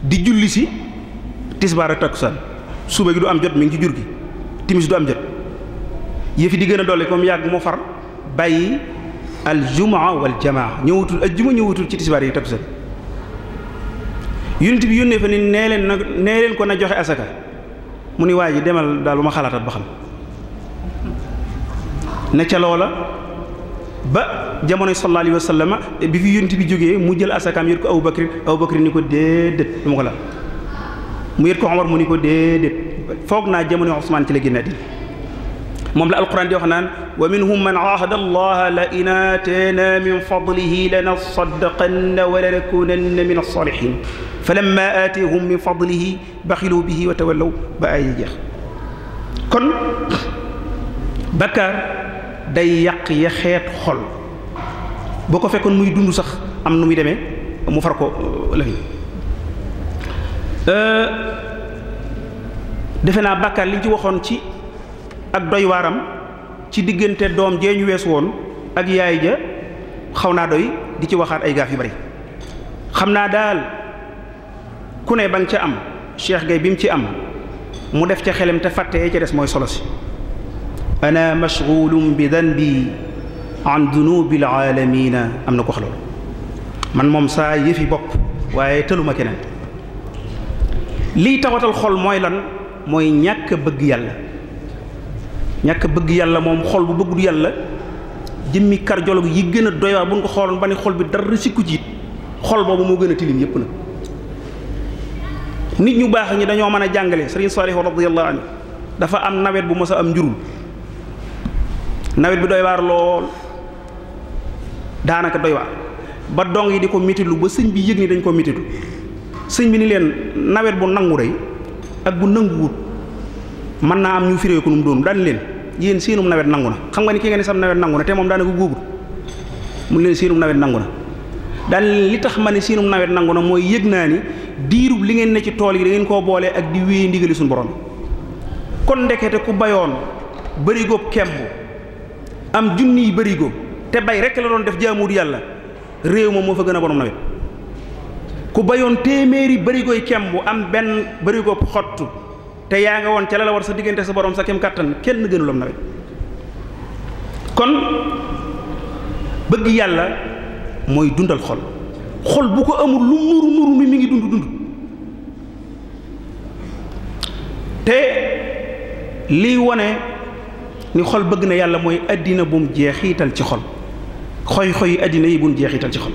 di julli si tisbaar ak takkusaan suba gi du am jot mi ngi ci jur gi timis du am jot yëf di gën a dolli comme yàgg moo far bàyyi aljumaa wal jamaa ñëwatul ajjuma ñëwatul ci tisbaar yi takkusaan yonent bi yónnee fa ni nee leen na nee leen ko na joxe asaka mu ni waa ji demal daal bu ma xalaatal ba xam ne ca loola ba jamono sallallahu alayhi wa sallam bi fi yonent bi jógee mu jël asakaam yët ko Abu Bakr Abu Bakr ni ko déedéet duma ko laal mu yët ko Omar mu ni ko déedéet foog naa jamono ci la génn àddina moom la alquran di wax naan wa minhum man ahada allaha la in aataana min fadlihi lanasaddaqanna wa lanakunanna min alsalihin fa lamma day yàq ya xeet xol boo ko fekkoon muy dund sax am nu muy demee mu far ko uh, lafi Euh, defe naa bàkkaar liñ ci waxoon ci ak doy waaram ci diggante doom jee ñu wees woon ak yaay ja xaw naa doy di ci waxaat ay gaaf yu bari xam naa daal ku ne ba nga ca am Cheikh Gueye bi mu ci am mu def ca xelam te fàtte ca des mooy solo si ana mashghulun bi danbi an dunubil aalamina am na ko wax man moom saa yëfi bopp waaye tëluma keneen liy tawatal xol mooy lan mooy ñàkk bëgg yàlla ñàkk bëgg yàlla moom xol bu bëgg bëggul yàlla jëmmi cardiologue yi gën a doy waar bu ñu ko xooloon ba ne xol bi dara sikku jiit xol boobu moo gën a tilim yépp na nit ñu baax ñi dañoo mën a jàngale sëriñ Salihu radiyallahu anhu dafa am nawet bu mos a am njurul nawet bi doy waar lool daanaka doy waar ba dong yi di ko métitlu ba sëñ bi yëg ni dañ ko métitlu sëñ bi ni leen nawet bu nangu rey ak bu nanguwut mën naa am ñu firee ko nu mu doon daan leen yéen seenum nawet nangu na xam nga ni ki nga sam nawet nangu na te moom daanaka góobut mu leen seenum nawet nangu na daan li tax ma ne seenum nawet nangu na mooy yëg naa ni diirub li ngeen ne ci tool yi da ngeen koo boole ak di wéy ndigali suñu borom kon ndekete ku bayoon bërigoob kemb am junniy barigo te bay rek la doon def jaamuur yàlla réew ma moo fa gën a bonum nawet ku bayoon téeméeri bërigooy bu am benn bërigoo xottu te yaa nga woon ca la sa diggante sa borom sa kem kàttan kenn gënulam nawet kon bëgg yàlla mooy dundal xol xol bu ko amul lu nuru nuru ni mi ngi dund dund te liy wone ni xol bëgg na yàlla mooy àddina bum jeexiital ci xol xoy xoy àddina yi bum jeexiital ci xol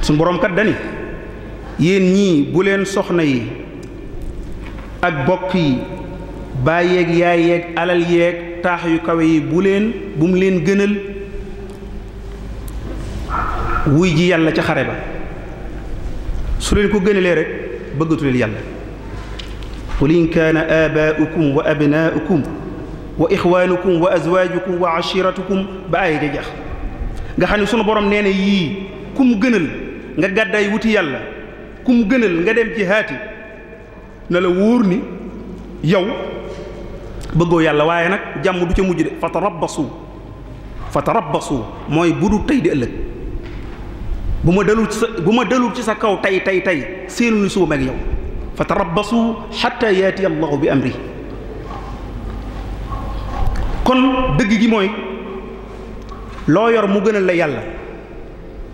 suñu borom kat dani yéen ñii bu leen soxna yi ak bokk yi baay yeeg yaay yeeg alal yeeg taax yu kawe yi bu leen bu mu leen gënal wuy ji yàlla ca xare ba su leen ko gënalee rek bëggatu leen yàlla qul in kaana aabaa'ukum wa abnaa'ukum wa ixwaanukum wa azwaajukum wa ashiratukum ba ay jajax nga xam ne sunu borom nee na yii kum gënal nga gàddaay wuti yàlla ku mu gënal nga dem ci haati na la wóor ni yow bëggoo yàlla waaye nag jàmm du ca mujj de fatarabbasu fatarabbasu mooy bu du tey di ëllëg bu ma dalul ci sa bu ma dalul ci sa kaw tey tey tey seenu ni suba mag yow fatarabbasu xatta yaati allahu bi amri kon dëgg gi mooy loo yor mu gënal la yàlla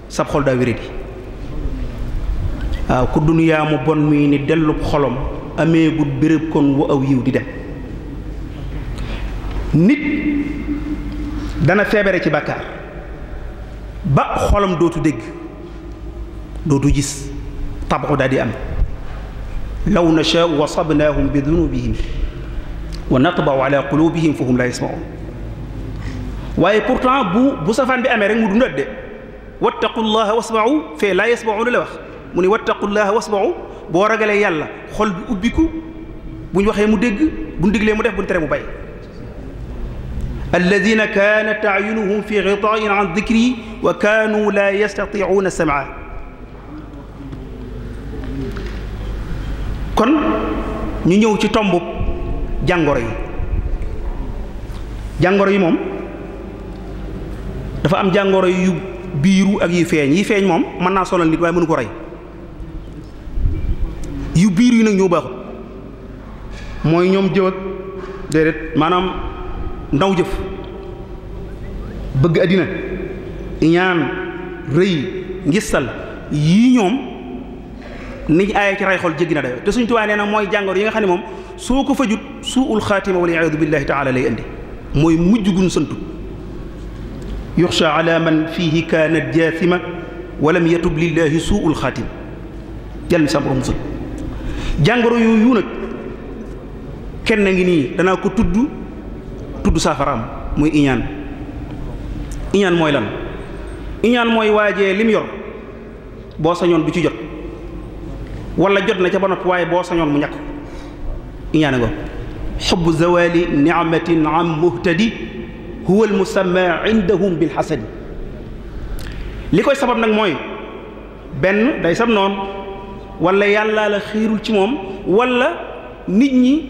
sab xol daa wéradi waaw ah, ku duniyaa mu bon mii ni dellub xolom amee gut béréb kon wu aw yiw di dem nit dana feebare ci bàkkaar ba xolom dootu dégg dootu gis tabaxu daal di am law nashaau wasabnaahum bi dunubihim wa natbau ala qulubihim fa hum bu bu safaan bi amee rek mu dundat de fee laa yasmauna la wax mu ne wattaqullaha wasma'u boo ragalee yàlla xol bi ubbiku bu ñu waxee mu dégg bu ñu diglee mu def bu ñu tere mu bay alladina kaanat ayunuhum fi gitaain an dikri wa kon ñu ñëw ci tombub jàngoro yi jàngoro yi moom dafa am jàngoro yu biiru ak yu feeñ yi feeñ moom mën naa sonal nit waaye mënu ko rey yu biir yi nag ñoo baaxul mooy ñoom jëw ak déedéet maanaam ndaw jëf bëgg àddina iñaan rëy ngistal yi ñoom niñ aaye ci ray xol jéggi na dayo te suñ tubaay nee na mooy jàngoro yi nga xam ne moom soo ko fajut suul xaatima wala iyaadu billahi taala lay indi mooy mujj gun santu yuxsha ala man fiihi kaanat jaathima walam yatub lillahi suul xaatima yàlla mi jàngoro yooyu nag kenn ngi nii dana ko tudd tudd saafaraam muy iñaan iñaan mooy lan iñaan mooy waaje lim yor boo sañoon du ci jot wala jot na ca ba noppi waaye boo sañoon mu ñàkk iñaane go xubbu zawali ni'matin am muhtadi huwa al musamma indahum bi hasadi li koy sabab nag mooy benn day sab noonu wala yàllaa la xiirul ci moom wala nit ñi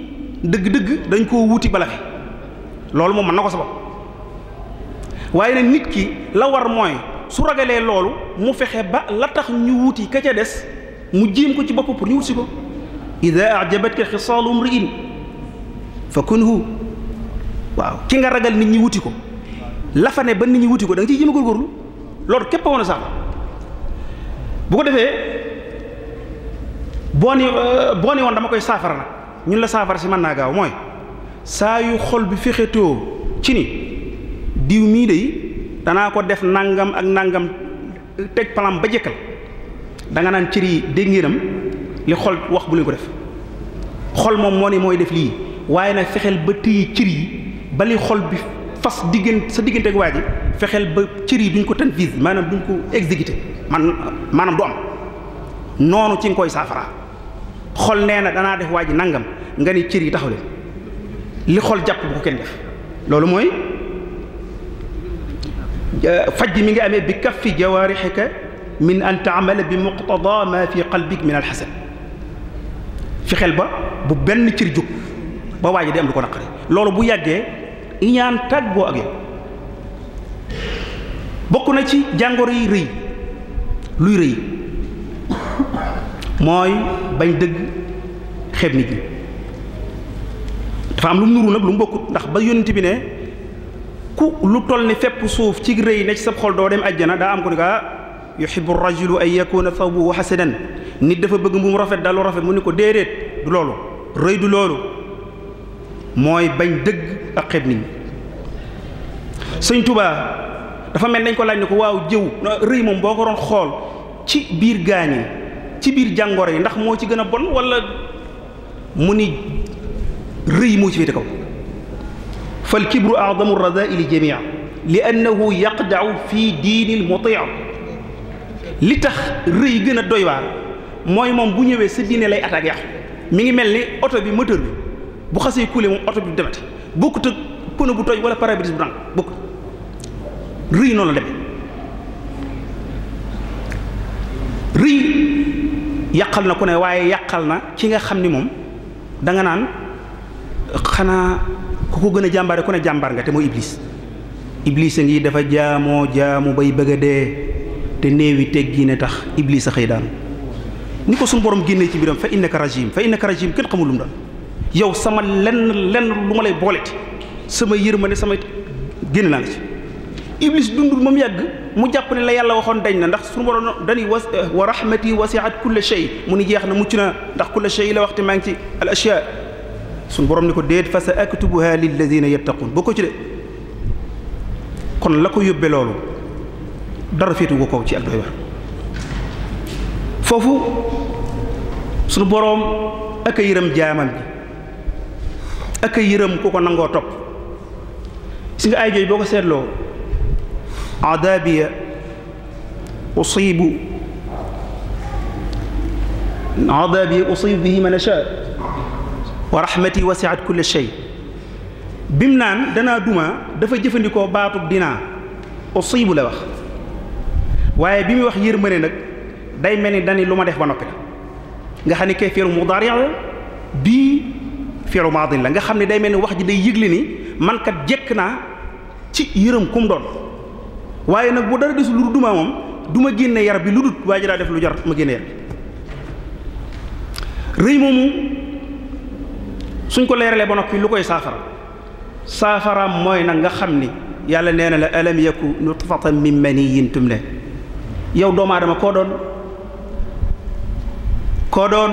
dëgg-dëgg dañ koo wuti bala fi loolu moom mën na ko sabab waaye nag nit ki la war mooy su ragalee loolu mu fexe ba la tax ñu wuti ka ca des mu jéem ko ci bopp pour ñu wutsi ko ida ajabatka xisaalu mriin fa kunhu waaw ki nga ragal nit ñi wuti ko la fa ne ba nit ñi wuti ko da nga ciy jéem a loolu képp a woon a sax bu ko defee Euh, boo ni woon dama koy saafara nag ñun la saafara si mën naa gaaw mooy saa yu xol bi fexetoo ci ni diw mii de danaa ko def nangam ak nangam euh, teg palam ba jëkkal danga nga naan cëri dégg ngeenam li xol wax bu leen ko def xol moom moo ni mooy def lii waaye nag fexeel ba téye cër yi ba li xol bi fas diggante sa diggante ak waa ji fexeel ba cër yi duñ ko tanfiis maanaam duñ ko exécuté man maanaam du am noonu ci nga koy saafara xol nee na danaa def waa ji nangam nga ni cër yi taxaw leen li xol jàpp bu ko kenn def loolu mooy faj mi ngi amee bi kaffi jawaarixika min an taamala bi muqtada ma fi qalbik min alxasan fexeel ba bu benn cër jóg ba waa ji am lu ko naqari loolu bu yàggee iñaan tàggoo ak yow bokk na ci jàngoro yi rëy luy rëy mooy bañ dëgg xeb nit ñi dafa am lu mu nuru nag lu mu bokkut ndax ba yónnent bi ne ku lu toll ni fépp suuf ci rëy ne ci sab xool doo dem ajjana daa am ko ni ah, kaa yuhibbu rajulu an yakuna thawbuhu hasanan nit dafa bëgg mu rafet daal lu rafet mu ni ko déedéet du loolu rëy du loolu mooy bañ dëgg ak xeeb nit ñi sëñ tubaa dafa mel nañ ko laaj ne ko waaw jëw rëy moom boo ko doon xool ci biir gaañi ci biir jàngoor yi ndax moo ci gën a bon wala mu ni rëy moo ci féete kaw fal kibru a'zamu ar-rada'il jami'a li annahu yaqda'u fi diinil muti' li tax rëy gën a doy mooy moom bu ñëwee sa diine lay attaque yàqu mi ngi mel ni oto bi moteur bi bu xasee kuule moom oto bi du demati bokkut ak pneu bu toj wala pare bu nang rëy noonu la demee rëy yàqal na ku ne waaye yàqal na ki nga xam ni moom danga naan xanaa ku ko gën a jàmbaare ko ne jàmbar nga te mooy iblis iblis a ngi dafa jaamoo jaamu bay bëgg a dee te néewi teggi ne tax iblis a xëy daanu ni ko suñu borom génnee ci biiram fa innaka rajim fa innaka rajim kenn xamul lu mu daan yow sama lenn lenn lu ma lay booleti sama yërmande sama génn naa la ci iblis dundul moom yàgg mu jàpp ne la yàlla waxoon dañ na ndax suñu borom dañuy was wa rahmati wasiat kulla shay mu ni jeex na mucc na ndax kulla shay la waxte maa ngi ci al ashya suñu borom ni ko déet fa sa aktubuha lilladina yattaqun boo ko ci de kon la ko yóbbe loolu dara féetu ko ak doy war foofu suñu boroom ak a yërëm jaamam bi ak yërëm ku ko nangoo topp si nga ay jooy boo ko seetloo عذابي أصيب عذابي أصيب به من أشاء ورحمتي وسعت كل شيء bim naan danaa duma dafa jëfandikoo baatub dinaa usiibu la wax waaye bi muy wax yërmande nag day mel ni dani lu ma def ba noppi nga xam ne kay fi'lu mudaari' la bii fi'lu maadi la nga xam ne day mel ni wax ji day yëgle ni man kat jekk naa ci yërëm kum doon waaye nag bu dara desul lu duma moom du ma génne yar bi lu dut waaye ji def lu jar ma génne yar bi rëy moomu suñ ko leeralee ba noppi lu koy saafara saafaraam mooy nag nga xam ni yàlla nee na la alam yaku nutfatan min maniyyin tumna yow doomu aadama koo doon koo doon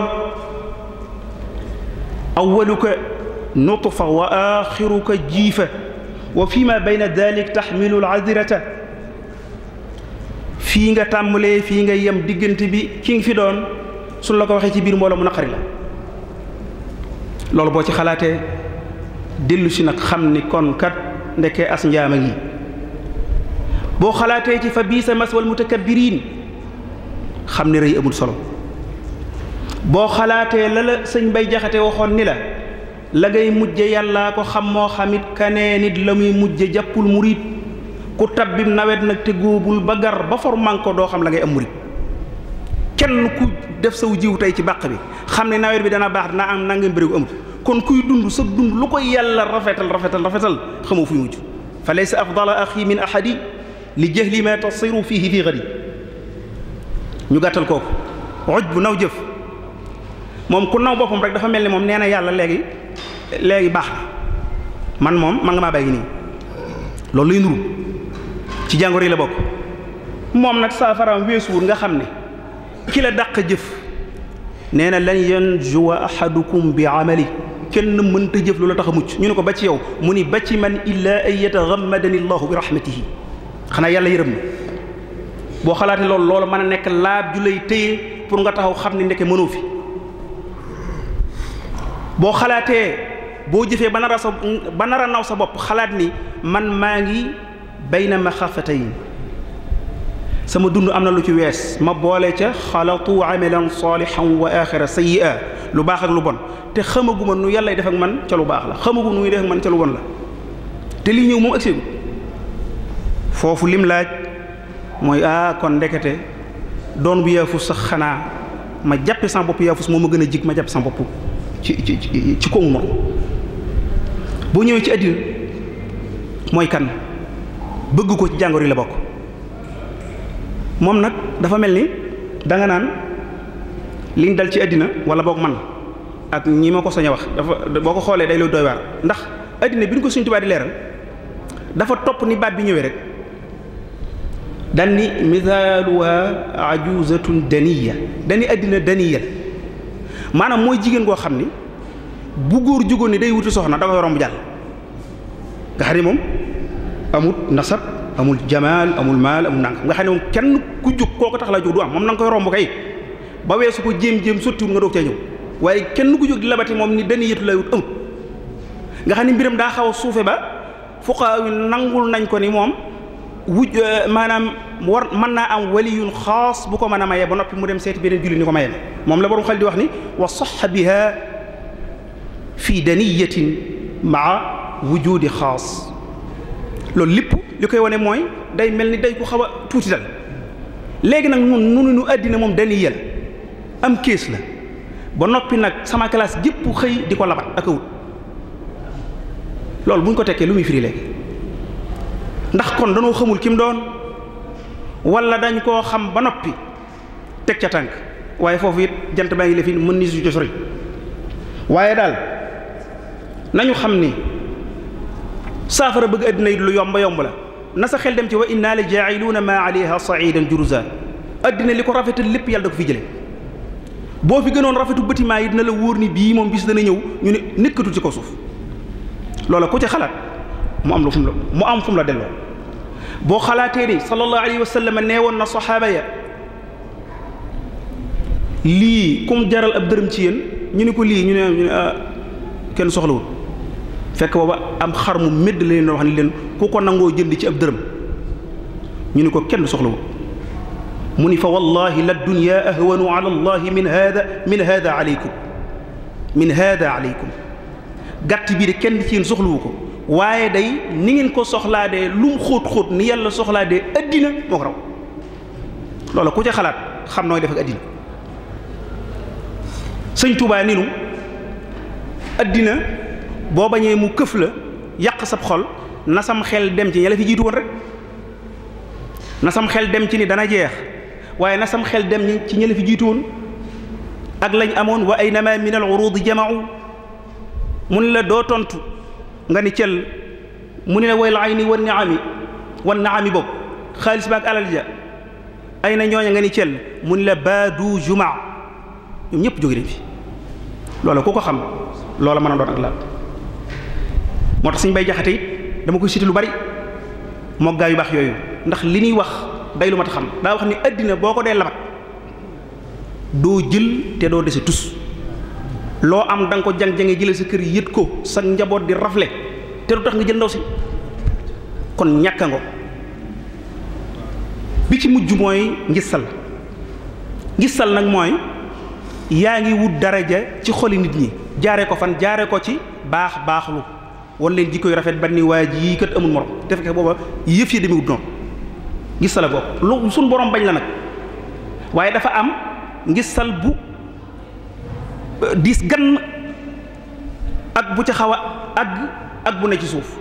awwaluka nutfa wa axiruka jiifa wa fi ma bayna dalik taxmilu al fii nga tàmbalee fii nga yem diggante bi ki nga fi doon su la ko waxee ci biir mbooloo mu naqari la loolu boo ci xalaatee dellu si nag xam ni kon kat ndeke as njaama ngi boo xalaatee ci fa biisa maswal mutakabbiriin xam ni rëy amul solo boo xalaatee la la sëñ bay jaxate waxoon ni la la ngay mujje yàllaa ko xam moo xamit kanee nit la muy mujje jàppul murit ku tabbim nawet nag te góobul ba gar ba for manko doo xam la ngay am murit kenn ku def saw jiw tey ci bàq bi xam ne nawet bi dana baax dina am nangam bërigo amut kon kuy dund sa dund lu ko yàlla rafetal rafetal rafetal xamoo fuy mujj fa laysa afdala axi min axadi li lii ma tasiru fihi fii gadi ñu gàttal kooku oj bu naw jëf moom ku naw boppam rek dafa mel ni moom nee na yàlla léegi léegi baax na man moom man nga maa bàyyi nii loolu lay ci jàngoro yi la bokk moom nag saafaraam weesuwul nga xam ne ki la dàq jëf nee na lan yanjuwa ahadukum bi amali kenn mënta jëf loola tax a mucc ñu ne ko ba ci yow mu ni ba ci man illaa an yataxammadani allahu bi rahmatihi xanaa yàlla yërëm na boo xalaatee loolu loolu mën a nekk laab ju lay téye pour nga taxaw xam ne ndeke mënoo fi boo xalaatee boo jëfee ba nar sa ba nar naw sa bopp xalaat ni man maa ngi bay na ma bayna maxafatayn sama dund am na lu ci wees ma boole ca xalatu amalan salihan wa axira sayia lu baax ak lu bon te xamaguma nu yàlla def ak man ca lu baax la xamagu nu muy def ak man ca lu bon la te lii ñëw moom agseegu foofu lim laaj mooy ah kon ndekete doon bu yaafus sax xanaa ma jàppe sama bopp yaafus moo ma gën a jig ma jàpp sama bopp ci ci ci ko moom boo ñëwee ci àddina mooy kan bëgg ko ci jàngoro yi la bokk moom nag dafa mel ni danga naan liñ dal ci àddina wala boog man ak ñi ma ko sañ a wax dafa boo ko xoolee day lu doy waar ndax àddina bi ñu ko Sëriñ Tuubaa di leeral dafa topp ni baat bi ñëwee rek dan ni misaaluha ajuzatun daniya dani àddina daniya maanaam mooy jigéen goo xam ni bu góor jugoon ni day wuti soxna da koy romb jàll nga moom amul nasab amul jamaal amul maal amul nang nga xam ne moom kenn ku koo ko tax la jug du am moom na nga koy romb kay ba weesu ko jéem-jéem sottiwul nga doog cee ñëw waaye kenn ku jug di labati moom ni dañuy yëtu lay wut amut nga xam ne mbiram daa xaw suufe ba fuqaaw yi nangul nañ ko ni moom wuj eh, maanaam war mën naa am waliyun xaas bu ko mën a mayee ba noppi mu dem seeti beneen julli ni ko mayee moom la borom xel di wax ni wa sax biha fi daniyatin maa wujudi xaas loolu lépp li koy wane mooy day mel ni day ku xaw a tuuti dal léegi nag nun nunu nu àddina moom dañuy yel am kees la ba noppi nag sama classe gépp xëy di ko labat ak a wut loolu bu ñu ko tekkee lu muy firi léegi ndax kon danoo xamul kim doon wala dañ koo xam ba noppi teg ca tànk waaye foofu it jant baa ngi le mën ni su josori waaye daal nañu xam ni saafara bëgg àddina yi lu yomba yomb la na sa xel dem ci wa inna la jaa'iluuna maa alayha sa'idan juruza àddina li ko rafetal lépp yàlla ko fi jële boo fi gënoon rafetu bâtiment yi dina la wóor nii bii moom bis dana ñëw ñu ne nekkatul ci ko suuf loola ku ci xalaat mu am lu fu mu la mu am fu mu la delloo boo xalaatee ni sallallahu alayhi wa nee woon na saxaaba ya lii kum jaral ab dërëm ci yéen ñu ne ko lii ñu ne ah, kenn soxlawul fekk booba am xar mu médd la leen wax ne leen ku ko nangoo jënd ci ab dërëm ñu ni ko kenn soxla wu mu ni fa wallahi la dunya ahwanu ala allahi min hada min hada aleykum min hada aleykum gàtt bii de kenn ci yéen soxlawu ko waaye day ni ngeen ko soxlaa dee lu mu xóot xóot ni yàlla soxlaa dee addina moo ko raw loola ku ci xalaat xam nooy def ak addina sëñ Tuubaa ni nu addina boo bañee mu këf la yàq sab xol na sam xel dem ci ña la fi jiitu woon rek nasam xel dem ci ni dana jeex waaye na sam xel dem ci ña la fi jiitu woon ak lañ amoon wa aynama min al urudi jamaau mun la doo tontu nga ni cel mu ne la wayl ayni wan naami wan naami boobu xaalis ba ak alal ja ay na ñooña nga ni cel mu ne la baadu jumaa ñoom ñëpp jóge nañ fi loola ku ko xam loola mën a doon ak laab moo tax suñ bay jaxate it dama koy cité lu bari moo gaa yu baax yooyu ndax li ñuy wax day lu mat a xam daa wax ni addina boo ko dee labat doo jël te doo dese tus loo am danga nga ko jang-jange jële sa kër yët ko sa njaboot di rafle te du tax nga jël ndaw si kon ñàkka nga bi ci mujj mooy ngistal ngistal nag mooy yaa ngi wut daraja ci xoli nit ñi jaare ko fan jaare ko ci baax baaxlu wan leen jikko yu rafet ban ni waaye jii kat amul morom te fekk booba yëf yi demewut noonu gis la bopp lu suñ borom bañ la nag waaye dafa am ngi sal bu euh, diis gann ak bu ca xaw a àgg ak bu ne ci suuf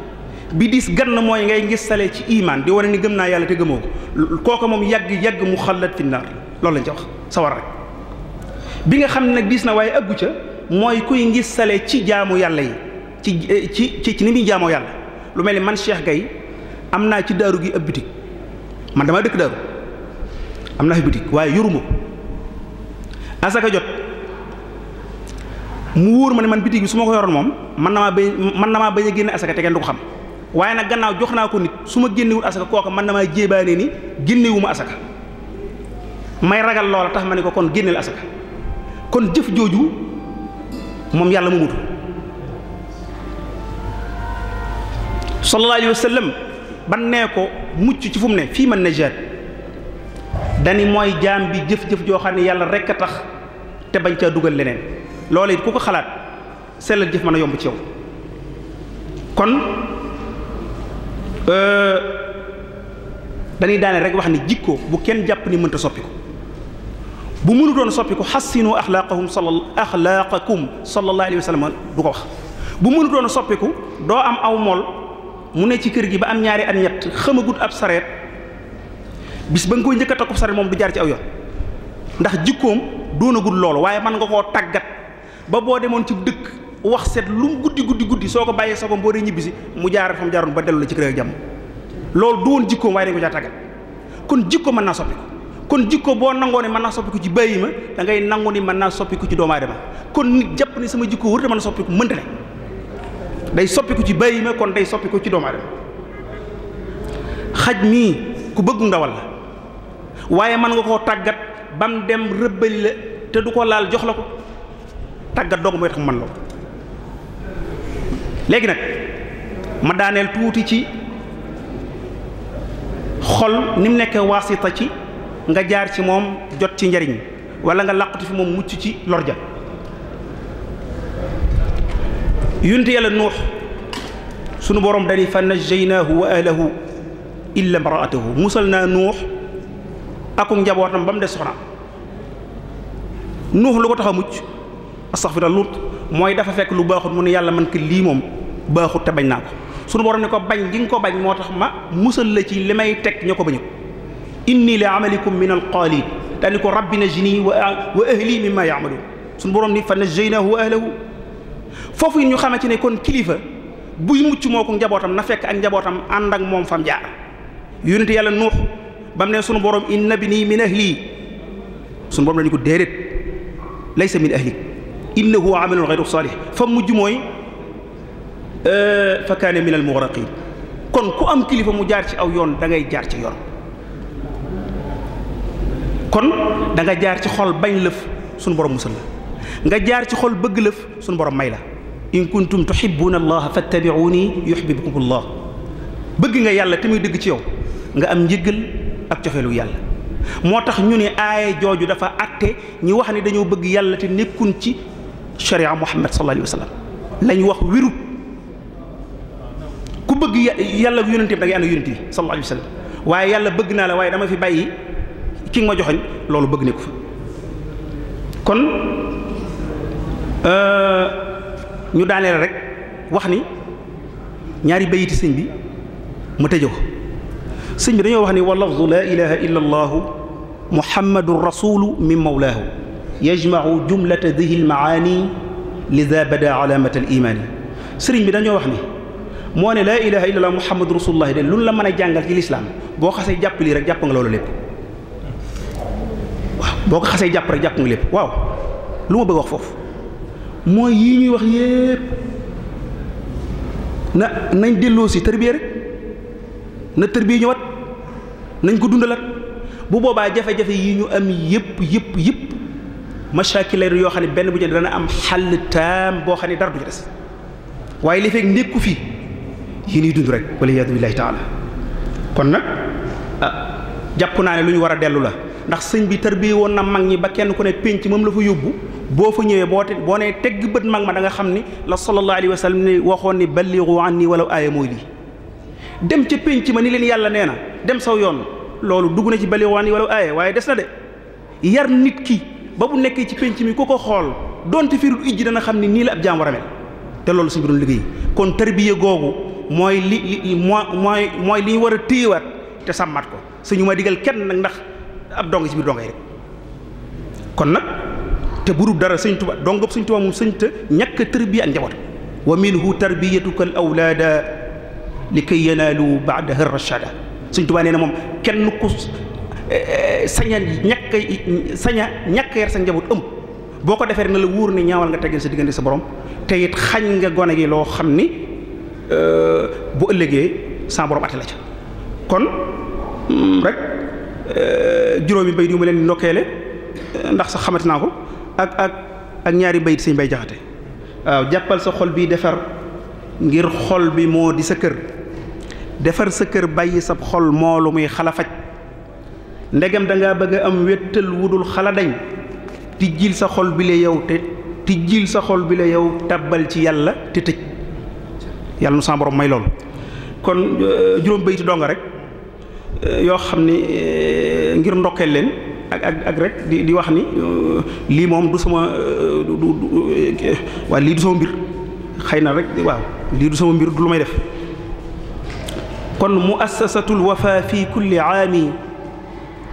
bi diis gann mooy ngay ngistalee ci imaan di war a ni gëm naa yàlla te gëmoo ko kooka moom yàgg yàgg mu xalat fi naar loolu lañ ca wax sawar rek bi nga xam ne nag diis na waaye àggu ca mooy kuy ngi sale ci jaamu yàlla yi Eh, ci ci ci ni muy jaamoo yàlla lu mel ni man Cheikh gay am naa ci daaru gi ab bitig man damaa dëkk daaru am naa fi bitig waaye yoruma asaka jot mu wóor ma ne man bitig bi su ma ko yoroon moom man na maa bañ man na maa bañ a génne asaka te kenn du ko xam waaye nag gannaaw jox naa ko nit su ma génnewul asaka kooka man na maa jéebaane ni génnewuma asaka may ragal loola tax ma ne ko kon génneel asaka kon jëf jooju moom yàlla mu mutu sallallahu alayhi wa sallam ban ko mucc ci fu mu ne fii ma najaat dani mooy jaam bi jëf-jëf joo xam ne yàlla rek a tax te bañ caa dugal leneen loola it ku ko xalaat sellal jëf mën a yomb ci yow kon dañuy daane rek wax ni jikko bu kenn jàpp ni mënta soppi ko bu mënu doon soppi ko xassinu axlaaqahum sal axlaaqakum sallallahu alayhi wa du ko wax bu mënu doon soppiku doo am aw mool mu ne ci kër gi ba am ñaari at ñett xam gudd ab sareet bis ba nga koy njëkk a takku sareet moom du jaar ci aw yoon ndax jikkoom doonagut loolu waaye mën nga koo tàggat ba boo demoon ci dëkk wax seet lu guddi guddi guddi soo ko bàyyee sa ko boo ñibbisi mu jaar fa mu jaaroon ba dellu la ci kër ak jàmm loolu du woon jikkoom waaye dañ ko caa tàggat kon jikko mën naa soppi ko kon jikko boo nangoo ne mën naa soppiku ci bàyyi ma da ngay nangu ni mën naa soppiku ci doomu aadama kon nit jàpp sama jikko wër te mën na soppiku mënta day soppi ko ci bàyyi ma kon day soppi ci doomu aadama xaj mii ku bëgg ndawal la waaye mën nga koo tàggat bam dem rëbbali la te du ko laal jox la ko tàggat dong mooy tax mu la ko léegi nag ma daaneel tuuti ci xol ni mu nekkee waasita ci nga jaar ci moom jot ci njariñ wala nga làqatu fi moom mucc ci ja yonent yàlla nuux sunu borom dani fa najjaynaahu wa ahlahu illa imraatahu musal naa nuux akuk njabootam ba mu des soxnaam nuux lu ko tax a mucc astaxfira lut mooy dafa fekk lu baaxut mu ne yàlla man ko lii moom baaxut te bañ naa ko sunu borom ne ko bañ gi nga ko bañ moo tax ma musal la ci li may teg ñoo ko bañu inni la amalikum min alqaalin daani ko rabbina jini wa ahli fa najjaynaahu wa ahlahu foofu yi ñu xamante ne kon kilifa buy mucc moo ko njabootam na fekk ak njabootam ànd ak moom fam jaar yonent yàlla nuux ba mu ne sunu borom inna bini min ahli sunu borom dañu ko déedéet laysa min ahli innahu amalun ghayru salih fa mujj mooy fa kaane min al mughraqin kon ku am kilifa mu jaar ci aw yoon dangay jaar ci yoon kon da jaar ci xol bañ lëf sunu borom musal la nga jaar ci xol bëgg lëf suñu borom may la in kuntum tuhibbuna allah fattabi'uni yuhibbukum allah bëgg nga yàlla te muy dëgg ci yow nga am njëggal ak cofeelu yàlla moo tax ñu ne aaye jooju dafa atte ñi wax ne dañoo bëgg yàlla te nekkuñ ci sharia muhammad sallallahu alayhi wa sallam lañ wax wérut ku bëgg yàlla yonent bi da ngay ànd yonent bi sallallahu waaye yàlla bëgg naa la waaye dama fi bàyyi ki nga ma joxoñ loolu bëgg ne ko fa kon Euh, ñu daaneel rek wax ni ñaari bayiti sëñ bi mu tëjee ko sëñ bi dañoo wax ni wa lafdu laa ilaha illa allahu muhammadun rasulu min mawlaahu yajmacu jumlata dihi lmacaani lida bada calaamata alimaani sëriñ bi dañoo wax ni moo ne laa ilaha illa allah muhammadu rasulullahi de lu la mën a jàngal ci lislaam boo xasee jàpp lii rek jàpp nga loolu lépp waaw boo ko xasee jàpp rek jàpp nga lépp waaw lu ma bëgg wax foofu mooy yi ñuy wax yépp na nañ delloosi si tërbiya rek na tërbiya ñëwaat nañ ko dundalaat bu boobaa jafe-jafe yi ñu am yépp yépp yépp machaakil lay yoo xam ne benn bu ñu dana am xàll boo xam ne dara des waaye li fekk nekku fii yi ñuy dund rek wala yaadu billaahi taala kon nag ah, jàpp naa ne lu ñu war a dellu la ndax sëñ bi tërbiya woon na mag ñi ba kenn ku ne pénc moom la fa yóbbu boo fa ñëwee boo te boo nee tegg bët mag ma da nga xam ni la sallallahu alayhi wa sallam ni waxoon ni balligu anni walaw aaya mooy lii dem ca pénc ma ni leen yàlla nee na dem saw yoon loolu dugg na ci balligu anni walaw aaya waaye des na de yar nit ki ba bu nekkee ci pénc mi ku ko xool donte firul ijji dana xam ni nii la ab jaam war a mel te loolu suñu doon liggéey kon tarbiya googu mooy li li mooy mooy li war a téyewaat te sàmmat ko suñu ma digal kenn nag ndax ab dong ci te bu dara sëñ Tuubaa dongab sëñ Tuubaa moom sëñ te ñàkk tarbiya ak njaboot wa minhu tarbiyatuka al awlaada li kay yanaalu baadaha rachada sëñ Tuubaa nee na moom kenn ku eh, eh, saña ñàkk saña ñàkk yar sa njaboot ëm boo ko defee na la wóor ne ñaawal nga teggeel sa diggante sa borom te it xañ nga gone gi loo xam ni euh, bu ëllëgee sa borom ate la ca kon mm, rek euh, juróomi bay di ma leen nokkeele ndax sa xamante naa ko ak ak ak ñaari bayit sañ bay jaxate waaw jàppal sa xol bii defar ngir xol bi moo di sa kër defar sa kër bàyyi sa xol moo lu muy xala faj ndegam dangaa bëgg a am wéttal wudul xala dañ tijjil sa xol bi la yow te tijjil sa xol bi la yow tàbbal ci yàlla te tëj yàlla nu sa may loolu kon euh, juróom bayit donga rek euh, yoo xam ni euh, ngir ndokkeel leen ak ak ak rek di di wax ni euh, lii moom du sama euh, euh, waaw lii du sama mbir xëy na rek waaw lii du sama mbir du lu may def kon muassasatul wafa fi kulli aami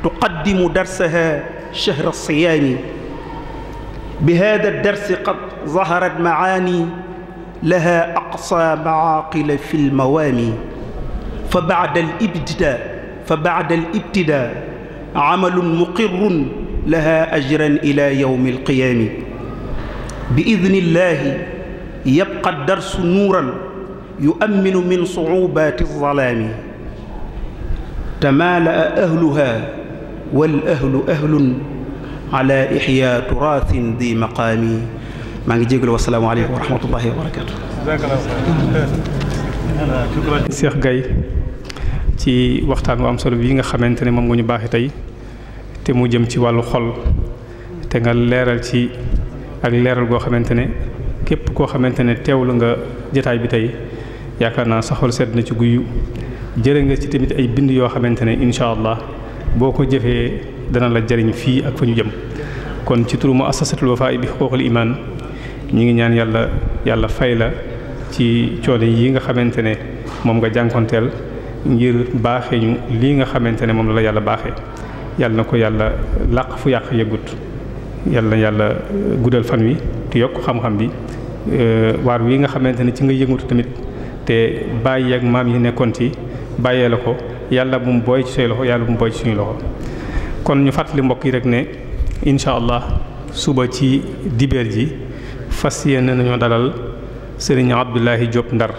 tuqaddimu darsaha shahra siyaami bi hada darsi qad zaharat maani laha aqsa maaqila fi lmawaami fa bada al ibtida fa bada al ibtida amalun muqirrun laha ajran ila yawmi alqiyaami bi idnillahi yabqa darsu nuuran yuamminu min sucubaati alzalaami tamaala'a ahluha wal ahlu ahlun ala ixya turaatin di maqaami maa ngi jégalu wasalaamu aleykum wa rahmatullahi wa barakatu Cheikh Gaye ci waxtaan wu am solo bii nga xamante ne moom nga ñu baaxee tey te mu jëm ci wàllu xol te nga leeral ci ak leeral goo xamante ne képp koo xamante ne teewlu nga jataay bi tey yaakaar naa saxol sedd na ci guyu jëre nga ci tamit ay bind yoo xamante ne incha allah boo ko jëfee dana la jëriñ fii ak fa ñu jëm kon ci turu mu fa wafa bi xuquuqul iman ñi ngi ñaan yàlla yàlla fay la ci coono yi nga xamante ne moom nga jànkonteel ngir baaxee ñu lii nga xamante ne moom la yàlla baaxe yàlla na ko yàlla làq fu yàq yëgut yàlla na yàlla uh, guddal fan wi te yokk xam-xam bi uh, waar wi nga xamante ne ci nga yëngatu tamit te bàyyi ak maam yi nekkoon ci bàyyee la ko yàlla bu mu booy ci say loxo yàlla bu mu booy ci suñu loxo kon ñu fàttali mbokk yi rek ne incha allah suba ci dibeer ji fas yéene nañoo dalal sëriñ Abdoulahi Diop Ndar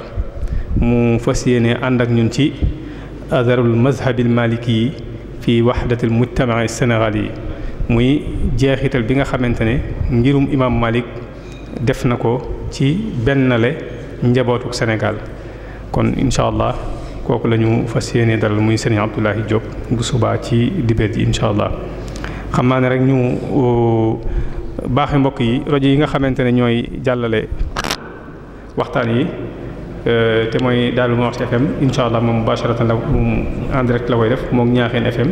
mu fas yéene ànd ak ñun ci azarul mazhabil maliki yi fii waxdatil mujtamaa sénégal yi muy jeexital bi nga xamante ne ngirum imam malik def na ko ci bennale njabootu sénégal kon incha allah kooku la ñu fas yéene dalal muy sëriñ Abdoulahi Diop bu subaa ci dibéer ji incha allah xam naa ne rek ñu baaxe mbokk yi rajo yi nga xamante ne ñooy jàllale waxtaan yi Euh, te mooy Darou Moukhty FM incha allah moom mubasharatan la moom en direct la koy def moom ñaaxeen FM.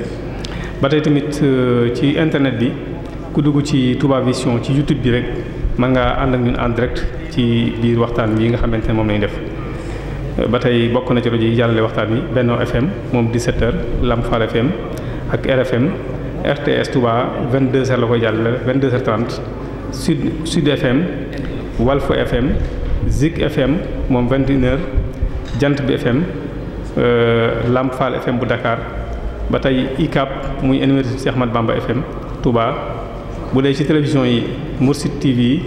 ba tey tamit euh, ci internet bi ku dugg ci Touba Vision ci YouTube bi rek man ngaa ànd ak ñun en direct ci biir waxtaan bii nga xamante ne moom lañuy def. Euh, ba tey bokk na ci rajo yi jàllale waxtaan wi Benno FM moom 17h Lamfal FM ak RFM RTS Touba 22h la koy jàllale 22h30 Sud Sud FM Walf FM. Zik FM moom vingt et Jant bi FM euh, Lamp Fall FM bu dakaar ba tey ICAP muy université Cheikh Ahmad Bamba FM Touba bu dee ci télévision yi Mourchid TV yi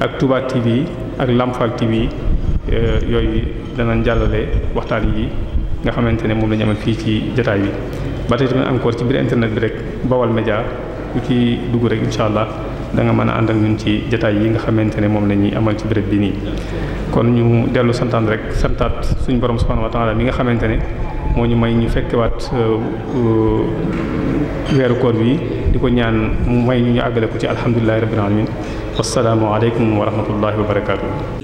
ak Touba TV yi ak Lamp Fall TV yi euh, yooyu danañ jàllale waxtaan yi nga xamante ne moom la ñu amal fii ci jotaay bi ba tey tamit encore ci biir internet bi rek Bawal Média lu ci dugg rek incha allah. da nga mën a ànd ak ñun ci jataay yi nga xamante ne moom la ñuy amal ci béréb bi nii kon ñu dellu santaan rek santaat suñu borom subhanahu wa taala mi nga xamante ne moo ñu may ñu fekkewaat euh, weeru koor bi di ko ñaan mu may ñu ñu àggale ko ci alhamdulilahi rabbil alamin wasalaamu aleykum wa rahmatullahi wa barakaatu